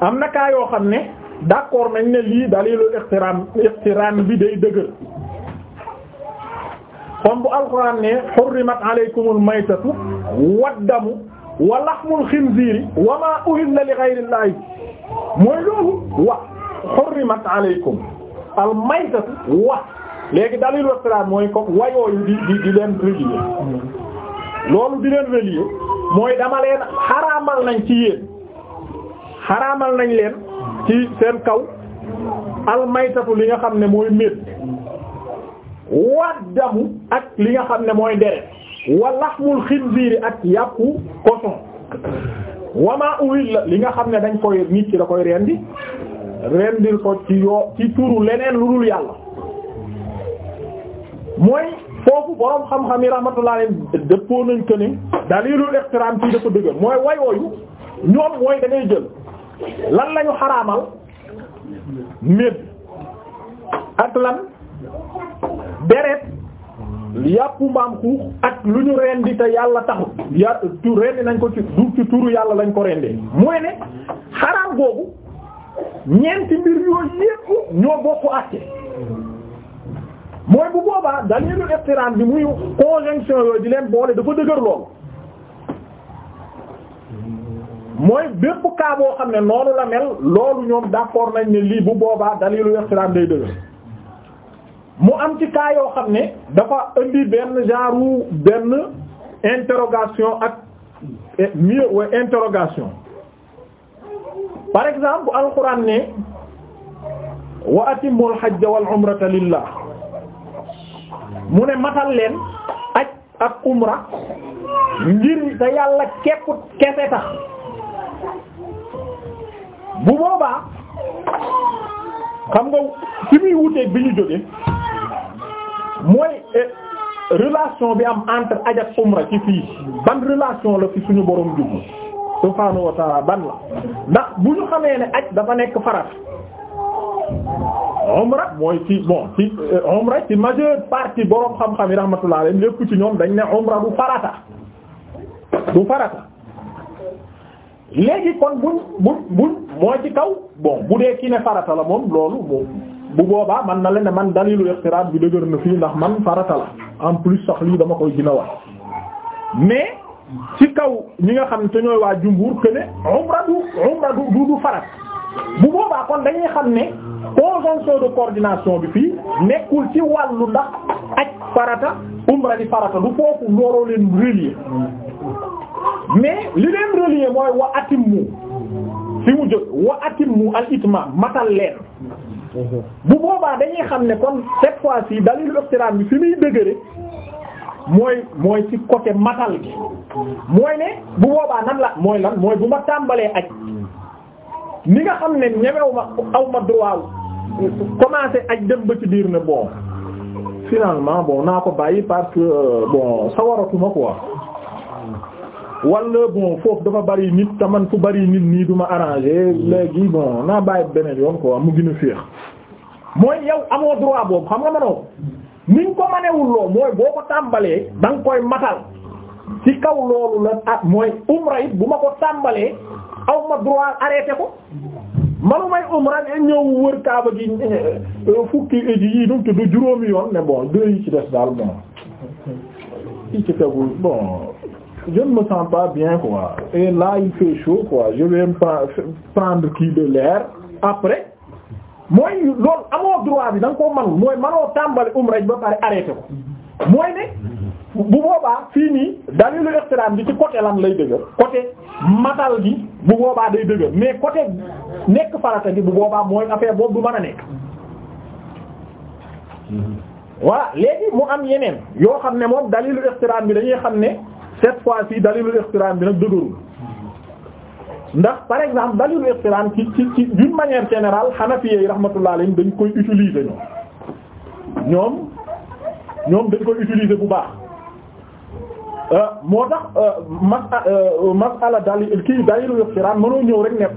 am na kaa yoo xam ne d'accord nañ ne lii dalilu iqtiraan iqtiraan bi day dëgër comme bu alxuraan ne hurrimat alaykumul maytatu waddamu wa laxmul xinziiri wa maa uhilla li ghayrillahi mooy loolu wa hurrimat alaykum al maytatu léegi dalilu islam mooy ko wayooyu di di di leen relier loolu di leen relier mooy dama leen xaraamal nañ ci yéen xaraamal nañ leen ci seen kaw al maytatu li nga xam ne mooy médd wa ak li nga xam ne mooy deret wa laxmul xinziiri ak yàppu cochon wama la li nga xam ne dañ koy nit ki da koy rendi rendil ko ci yoo ci turu leneen lu dul yàlla mooy foofu borom xam-xam yi rahmatullah alayhim dëppoo nañ ko dalilul ihtiram ci dafa dëgër mooy wayooyu ñoom mooy da ngay jël lan lañu xaraamal médd ak lan deret yàppu mbaam xuux ak lu ñu rendi te yàlla taxut ya tu rendi nañ ko ci du ci turu yàlla lañ ko rendee mooy ne xaraam googu ñeenti mbir yooyu yépp ñoo bokku àtte mooy bu boobaa dalilul iqtiraan bi muy conjonction yooyu di leen boole dafa dëgër lool mooy bépp cas xam ne noonu la mel loolu ñoom d'accord nañ ne lii bu boobaa dalilul iqtiraan day dëgër mu am ci cas yoo xam ne dafa indi benn genre benn interrogation ak eh, mieux ou par exemple bu alxuraan ne wa atimmul hajja wal umrata mu ne matal leen aj ak umra ngir te yàlla képp kese tax bu boobaa xam nga fi muy wuteeg bi ñu jóge mooy eh, relation bi am entre aj ak umra ci fii ban relation la fi suñu borom jublu subhaanahu wa ta'ala ban la ndax bu ñu xamee ne aj dafa nekk farat umra mooy ci bon ci eh, umra ci majeure partie borom xam-xam yi rahmatullah leen lépp ci ñoom dañ ne umra du farata du farata léegi kon buñ buñ buñ moo ci kaw bon bu dee ki ne farata la moom loolu moom bu boobaa man na leen ne man dalilu ixtiraat bi dëgër na fii ndax man farata la en plus sax lii dama koy gën a mais ci kaw ñi nga xam te ñooy waa jumbuur que ne umra du umra du du farat bu boobaa kon dañuy xam ne conjonction de coordination bi fii nekkul ci wàllu ndax aj farata umra di farata du foofu looloo leen relier mais li leen relier mooy wa atim mu mu jóg wa atim mu matal leen Mhm. bu boobaa dañuy xam ne kon cette fois-ci dalil iqtiraan bi fi muy dëgëre mooy mooy ci côté matal gi mooy ne bu boobaa nan la mooy lan mooy bu ma tàmbalee aj ni nga xam ne ñemew ma aw ma droit commencé aj dem ba biir ne bon finalement bon naa ko bàyyi parce que euh, bon sa waratuma quoi wala bon foofu dafa bari nit taman fu bari nit nii duma ma arrangé léegi bon naa bàyyi beneen yoon quoi mu gën a féex mooy yow amoo droit boobu xam nga manoo niñ ko manewul loo mooy boo ko tàmbalee da nga koy matal ci kaw loolu la at ah mooy umra it bu ma ko tàmbalee aw ma droit arrêté ko manu may umra ne ñëw wër kaaba gi euh, fukki ji yi dum tudd juróomi yoon ne bon deux yi ci des daal bon yi bon je ne me sens pas bien quoi et là il fait chaud quoi je vais prendre kii de l'air après mooy loolu amoo droit bi da nga koo manul mooy manoo tàmbali umra ba pare arrêté ko mooy ne bu boobaa fii nii dalilu ihtiram bi ci côté lan lay dëgër côté matal gi bu boobaa day dëgër mais côté nekk farata gi bu boobaa mooy affaire boobu du mën a nekk voilà léegi mu am yeneen yoo xam ne moom dalilu ihtiram bi dañuy xam ne cette fois-ci dalilul iqtiraan bi nag dëgërul ndax par exemple dalilul iqtiraan ci ci ci d'une manière générale yi rahmatullah alayhim dañ koy utiliser ñoom ñoom ñoom dañ koy utiliser bu baax euh, moo tax euh, mas euh, masala dalil kii dalilul iqtiraan mënoo ñëw rek ne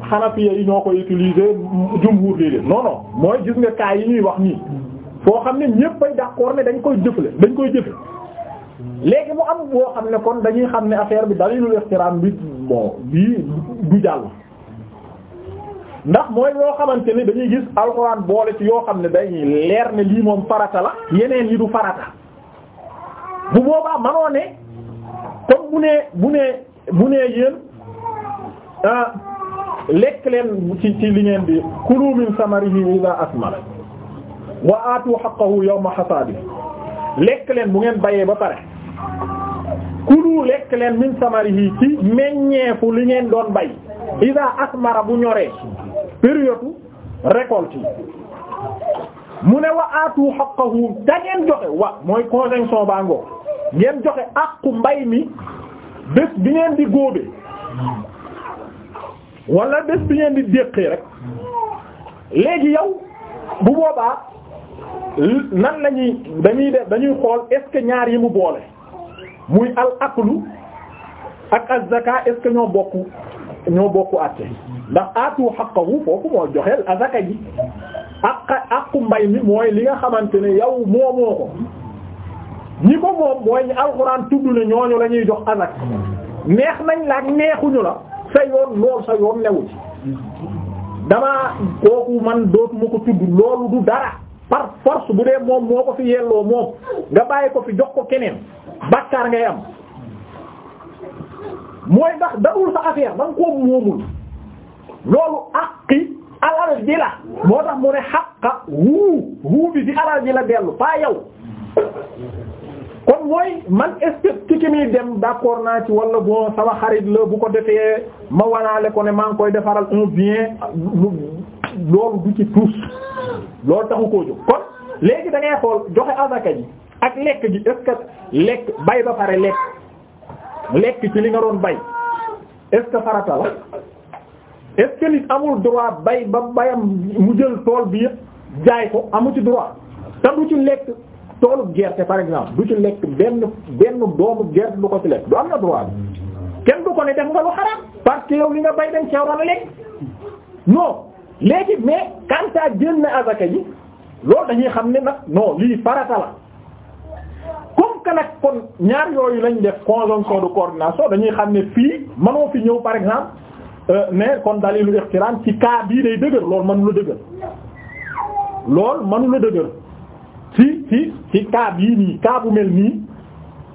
yi ñoo koy utiliser jumhuur déedéet non non mooy gis nga cas yi ñuy wax nii foo xam ne ñépp ay d'accord ne dañ koy jëfle dañ koy jëfe léegi mu am boo xam ne kon dañuy xam ne affaire bi dalilul ihtiram bi bon bii du jàll ndax mooy yoo xamante ni dañuy gis alxuraan boole ci yoo xam ne dañuy leer ne lii moom farata la yeneen yi du farata bu boobaa manoo ne comme bu nee bu nee bu nee yéen ah, lekk leen ci ci li ngeen di kulu min samarihi idha asmara wa aatu haqqahu yawma hasadi lekk leen bu ngeen bayee ba pare kulu lekk leen min samarihi ci meññeefu li ngeen doon bay ida asmara bu ñoree période récolte yi mu ne wa aatu haqqahu da ngeen joxe wa mooy conjonction baa ngoo ngeen joxe àqu mbay mi bés bi ngeen di góobee wala bés bi ngeen di déqee rek léegi yow bu boobaa nan lañuy dañuy def dañuy xool est-ce ñaar yi mu boole muy al aqlu ak al zaka ñoo bokk ñoo bokk àtte ndax aatu xaqahu foofu moo joxeel azaka ji ak mbay mi mooy li nga xamante ne yow moomoo ko ñi ko moom mooy ñu alxuraan tudd ne ñooñu la ñuy jox azak neex nañ la ak neexuñu la sa yoon lool sa yoon newu ci kooku man dootuma ko tudd loolu du dara par force bu dee moom moo ko fi yelloo moom nga bàyyi ko fi jox ko keneen bàkkaar ngay am mooy ndax darul sa affaire da nga koo moomul loolu àqi alal ji la moo tax mu ne xaqa wuu wuu bi ci alal ji la dellu pas yow kon mooy man est ki muy dem d'accord naa ci walla bon sama xarit la bu ko defee ma wanaale ko ne maa koy defaral un bien ndax loolu du ci tuus loolu taxu koo kon léegi da ngay xool joxe azaka ji ak lekk ji est-ce lekk bay ba pare lekk lekk ci li nga doon bay est-ce que farata la est-ce que amul droit bay ba bayam mu jël tool bi yëpp jaay ko amu ci droit te du ci lekk toolu gerte par exemple du ci lekk benn benn doomu gerte lu ko ci lekk du am na droit bi kenn du ko ne def nga lu xaraam parce que yow li nga bay dañ ci war a lekk non léegi mais quant à génn azaka yi loolu dañuy xam ne nag non lii farata la comme que nag kon ñaar yooyu lañ def conjonction de coordination dañuy xam ne fii manoo fi ñëw par exemple euh, ne kon dalilu iqtiran ci cas bii day dëgër loolu mënu la dëgër loolu mënu la dëgër ci ci ci cas bii nii cas mel nii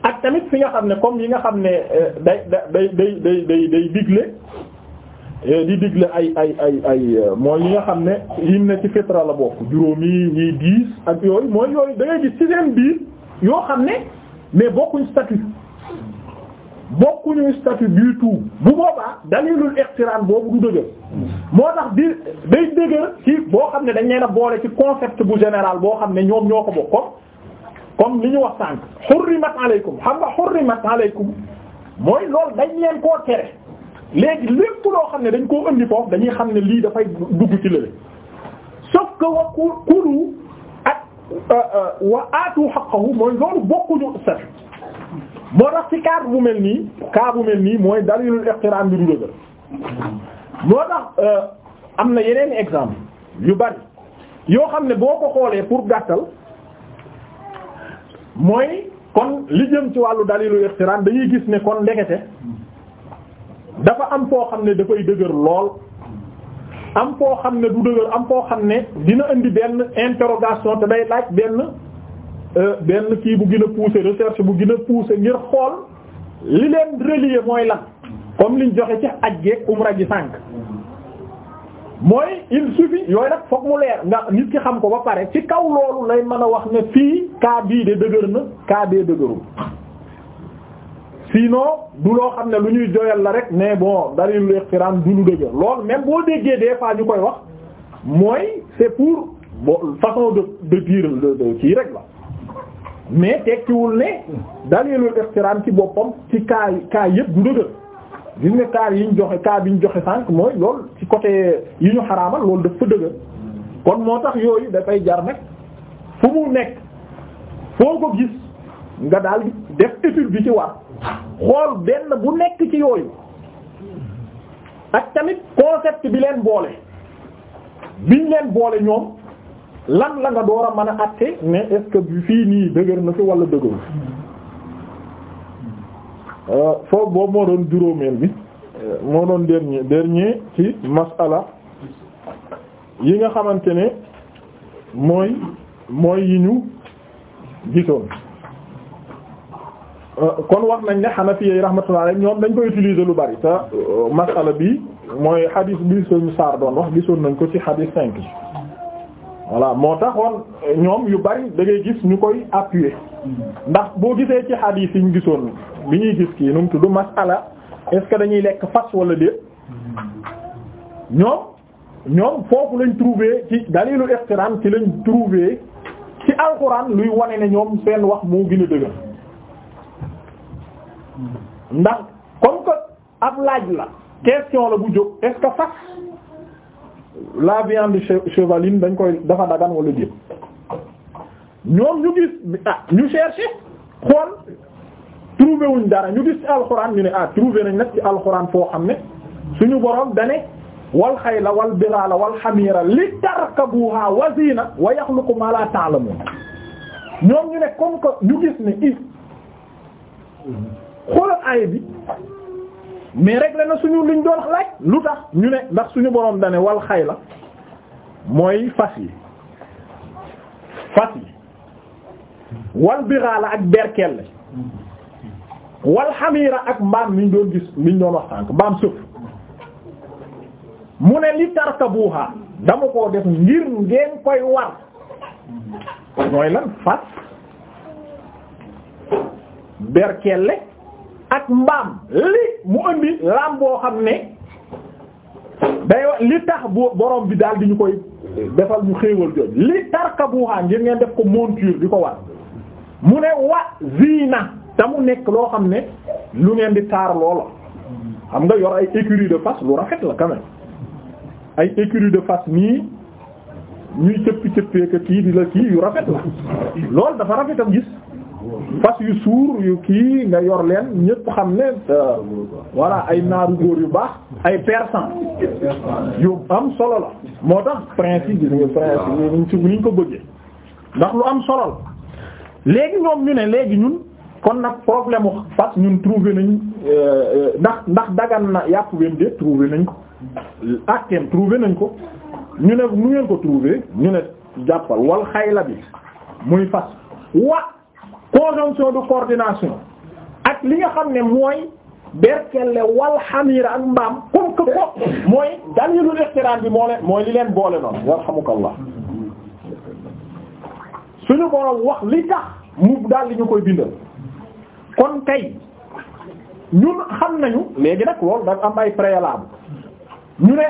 ak tamit fi nga xam ne comme yi nga xam ne euh, day day day day day day digle Eh, di digle ay ay ay ay eh, mooy yi nga xam ne yim ne ci fitra la bokk juróomi yi diis ak yooyu mooy yooyu da ngay gis ci seen biir yoo xam ne mais bokkuñ statut bokkuñu statut du tout bu boobaa dalilul iqtiraan boobu du dëgër moo tax di day dëgër ci boo xam ne dañ leen a boole ci concept bu général boo xam ne ñoom ñoo ko bokk comme li ñu wax sànq hurrimat alaykum xam nga hurrimat alaykum mooy loolu dañ leen koo tere léegi lépp loo xam ne dañ koo indi foofu dañuy xam ne lii dafay dugg ci lële sauf que wa kulu ak euh, euh, wa aatu haqqahu mooy loolu bokkuñu statut moo tax ci cas bu mel nii cas bu mel nii mooy dalilul iqtiraan bi du dëgër moo tax euh, am na yeneen example yu bari yoo xam ne boo ko xoolee pour gàttal mooy kon li jëm ci wàllu dalilu iqtiraan dañuy gis ne kon ndekete dafa am foo xam ne dafay dëgër lool am foo xam ne du dëgër am foo xam ne dina indi benn interrogation te day laaj benn euh, benn kii bu gën a poussé recherche bu gën a poussé ngir xool li leen relier mooy lan comme liñ joxe ci aj gi ak umra ji sànq mooy il suffit yooyu nag fokk mu leer nga nit ki xam ko ba pare ci kaw loolu lay mën a wax na fii cas bii de dëgër na cas bee dëgërul sinon du loo xam ne lu ñuy joyal la rek mais bon dalilul iqtiran du lu dëgër lool même boo déggee des fois ñu koy wax mooy c'est pour bon façon de de dire de kii rek la mais tekkiwul ne dalilul iqtiran ci boppam ci cas cas yëpp du dëgër gis nga cas yi ñu joxe cas bi ñu joxe sànq mooy lool ci côté yi ñu xaraamal loolu def fa dëgër kon moo tax yooyu dafay jar nag fu mu nekk foo ko gis nga daal def étude bi ci war xool benn bu nekk ci yooyu ak tamit concept bi leen boole biñ leen boole ñoom lan la nga door a mën a àtte mais est bi fii nii dëgër na fi wala dëgëru euh, foofu boobu moo doon juróomeel bi euh, moo doon dernier dernier ci masala yi nga xamante ne mooy mooy yi ñu gisoon kon wax nañ ne Hanafi yi rahmatullah alayhi ñoom dañ koy utiliser lu bari te euh, masala bi mooy hadith bi suñu saar doon wax gisoon nañ ko ci hadith cinq voilà moo taxoon euh, ñoom yu bari da ngay gis ñu koy appuyer ndax boo gisee ci hadith yi ñu gisoon bi ñuy gis kii nu mu tudd masala est-ce que dañuy lekk fas wala déet ñoom ñoom foofu lañ trouver ci dalilu iqtiran ci lañ trouver ci alxuraan luy wane ne ñoom seen wax moo gën a dëgër ndax comme que ab laaj la question la bu jóg est ce que sax la viande chevaline dañ koy dafa dagan wala jël ñoom ñu gis ah ñu chercher xool trouvé wuñ dara ñu gis ci alxuraan ñu ne ah trouvé nañ nag ci alxuraan foo xam ne suñu borom dane wal xayla wal biraala wal xamiira li tarkabuha wazina wa yaxluqu ma la ta'lamun ñoom ñu ne comme que ñu gis ne i xoolal aaya bi mais réglé na suñu luñ doon laaj lu tax ñu ne ndax suñu borom dane wal xayla mooy fas yi fas yi wal biraala ak berkelle wal xamiira ak mbaam mi doon gis mi ñu doon wax sànk mbaam sëf mu ne li tarkabuha dama koo def ngir ngeen koy war mooy lan fas berkelle ak mbaam li mu indi laam boo xam ne day li tax bu borom bi daal di ñu koy defal ñu xéewal jooj li tarkabuha ngir ngeen def ko monture di ko wat mu ne wa zina te mu nekk loo xam ne lu ngeen di taar loola xam nga yor ay écurie de face lu rafet la quand ay écurie de face nii ñuy cëppi cëppeeka kii di la kii yu rafet la loolu dafa rafetam gis fas yu suur yu kii nga yor leen ñëpp xam ne voilà ay naaru góor yu baax ay persan yu am solo la moo tax prince yi gis nga prince yi ko bëggee ndax lu am solo la léegi ñoom ñu ne léegi ñun kon nag problème mu fas ñun trouvé nañ euh, ndax ndax dagan na yàpp wen de trouvé nañ ko akteem ah, trouvé nañ ko ñu ne nu ngeen ko trouvé ñu ne jàppal wal xayla bi muy fas wa conjonction de coordination ak li nga xam ne mooy berkelle wal xamira ak mbaam comme que ko mooy dalilul iqtiraan bi moo leen mooy li leen boole noonu yarhamukallah suñu borom wax li tax mu daal ñu koy bindal kon kay ñun xam nañu léegi nag loolu dafa am ay préalable ñu ne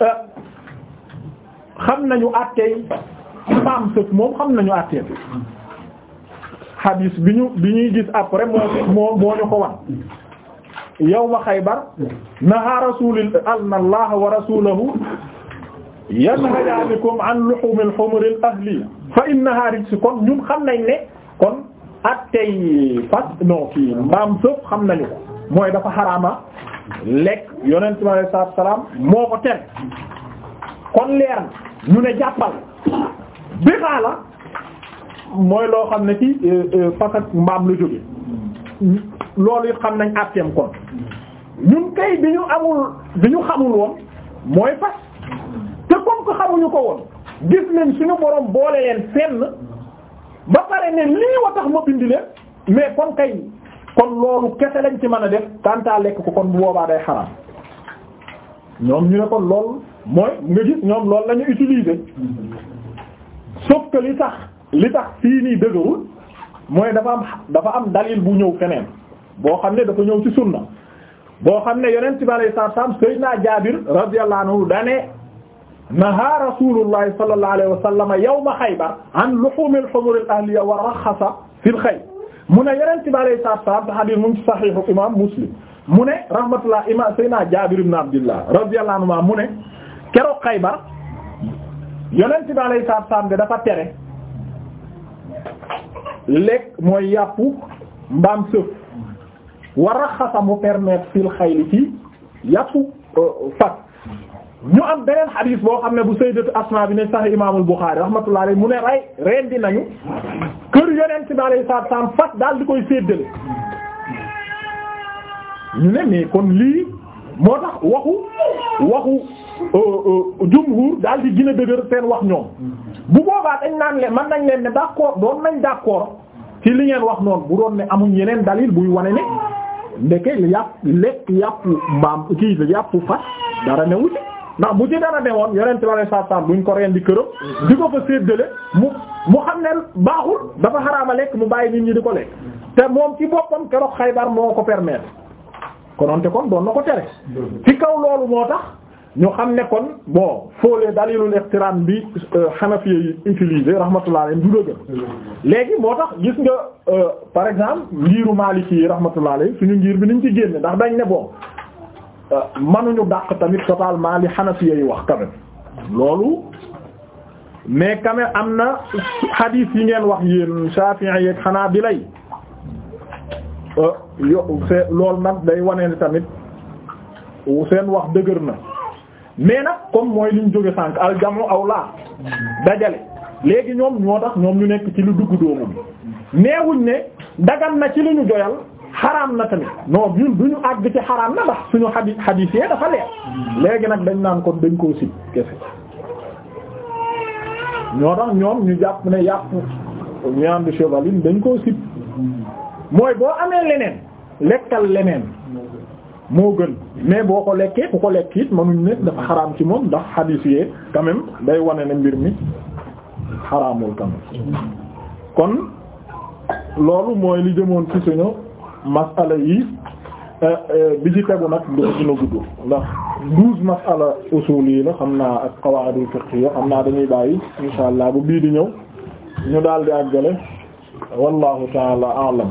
euh, xam nañu àttee mbaam sëf moom xam nañu àttee bi xadiis bi ñu bi ñuy gis après moo moo moo ñu ko wan yawma xaybar naha rasulil anna allah wa rasulahu yanhayaanikum an luhumil humuril ahli fa innaha rijs kon ñun xam nañ ne kon ak tey fas non kii mbaam sëf xam nañu ko mooy dafa xaraama lekk yonent bi alayhi salaam moo ko tere kon leer ñu ne jàppal bi xaala mooy loo xam ne ci euh, euh, fas ak mbaam la jóge loolu it xam nañ àtteem kon ñun kay bi ñu amul bi ñu xamul woon mooy fas te comme que xamuñu ko woon gis nañ suñu borom boole leen fenn ba pare ne lii wa tax ma bindi mais kon kay kon loolu kese lañ ci mën a def tanta lekk ko kon bu day xaraam ñu ne kon loolu mooy ñoom loolu la ñu utiliser tax li tax fii nii dëgërul mooy dafa am dafa am dalil bu ñëw feneen boo xam ne dafa ñëw ci sunna boo xam ne yonent bi alayhi salaatu wasallam sayyidina Jaabir radiyallahu anhu dane naha rasulullahi sallallahu alayhi wa sallam yawma Xaybar an luhumil humuril ahliya wa raxasa fil xayr mu ne yonent bi alayhi salaatu wasallam hadiis mu ngi ci sahihu imam Muslim mu ne rahmatullah imam sayyidina Jaabir ibn Abdillah radiyallahu anhu mu ne keroog Xaybar yonent bi alayhi salaatu wasallam dafa tere lekk mooy yàpp mbaam sëf war a xasamu permettre fil xayli ci yàppu euh, fas ñu am beneen xadiis boo xam ne bu sayyidatu Asma bi ne sax imaamul Buxaari rahmatullahi alayhi mu ne rey rendi nañu kër yonent bi alayhi salaatu salaam fas daal di koy séddale ñu ne mais kon lii moo tax waxu waxu euh, euh, jumhur daal di gën dëgër seen wax ñoom bu boobaa dañ naan leen man nañ leen ne d'accord doon nañ d'accord ci li ngeen wax noonu bu doon ne amuñ yeneen dalil buy wane ne ndeke yàpp lekk yàpp mbaam kii yàpp fas dara newu ci ndax bu ci dara newoon yonent bi sallallahu saa wasallam duñ ko rendi këram mm-hmm. di ko fa séddale mu mu xam ne baaxul dafa xaraama lekk mu bàyyi nit ñi di ko lekk te moom ci boppam keroog Xaybar moo ko permettre konoonte kon doon na ko tere mm-hmm. ci kaw loolu moo tax ñu xam ne kon bon foolee dalilul iqtiran bi euh, Hanafi yi utilisé du dëgër léegi moo tax gis nga euh, par exemple ngiiru Maliki yi rahmatullah alayhi suñu ngir bi niñ ci génne ndax dañ ne bon euh, mënuñu dàq tamit totalement li Hanafi yi wax quand loolu mais quand am na hadith yi ngeen wax yéen Shafi'i yeeg xanaa bi lay yo c'est loolu nag day wane ni tamit seen wax dëgër na mais nag comme mooy li ñu jóge sànq al aw awla dajale léegi ñoom ñoo tax ñoom ñu nekk ci lu dugg doomu bi neewuñ ne dagan na ci lu ñu joyal xaraam na tamit non du ñu àgg ci xaraam na ndax suñu xadi xadiis yee dafa leer léegi nag dañ naan kon dañ koo si kese ñoo tax ñoom ñu jàpp ne yàpp viande chevaline dañ koo sib mooy boo amee leneen lekkal leneen moo gën mais boo ko lekkee ku ko lekk it mënuñ ne dafa xaraam ci moom ndax xadiis yee quand même day wane ne mbir mi xaraamul quand kon loolu mooy li jëmoon ci suñu masala yi euh, euh, bi ci tegu nag du dina gudd ndax douze masala usul yi la xam naa ak qawaidul fiqhiyya xam naa dañuy bàyyi insha allah bu bii di ñëw ñu daal di àggale wallahu taala alam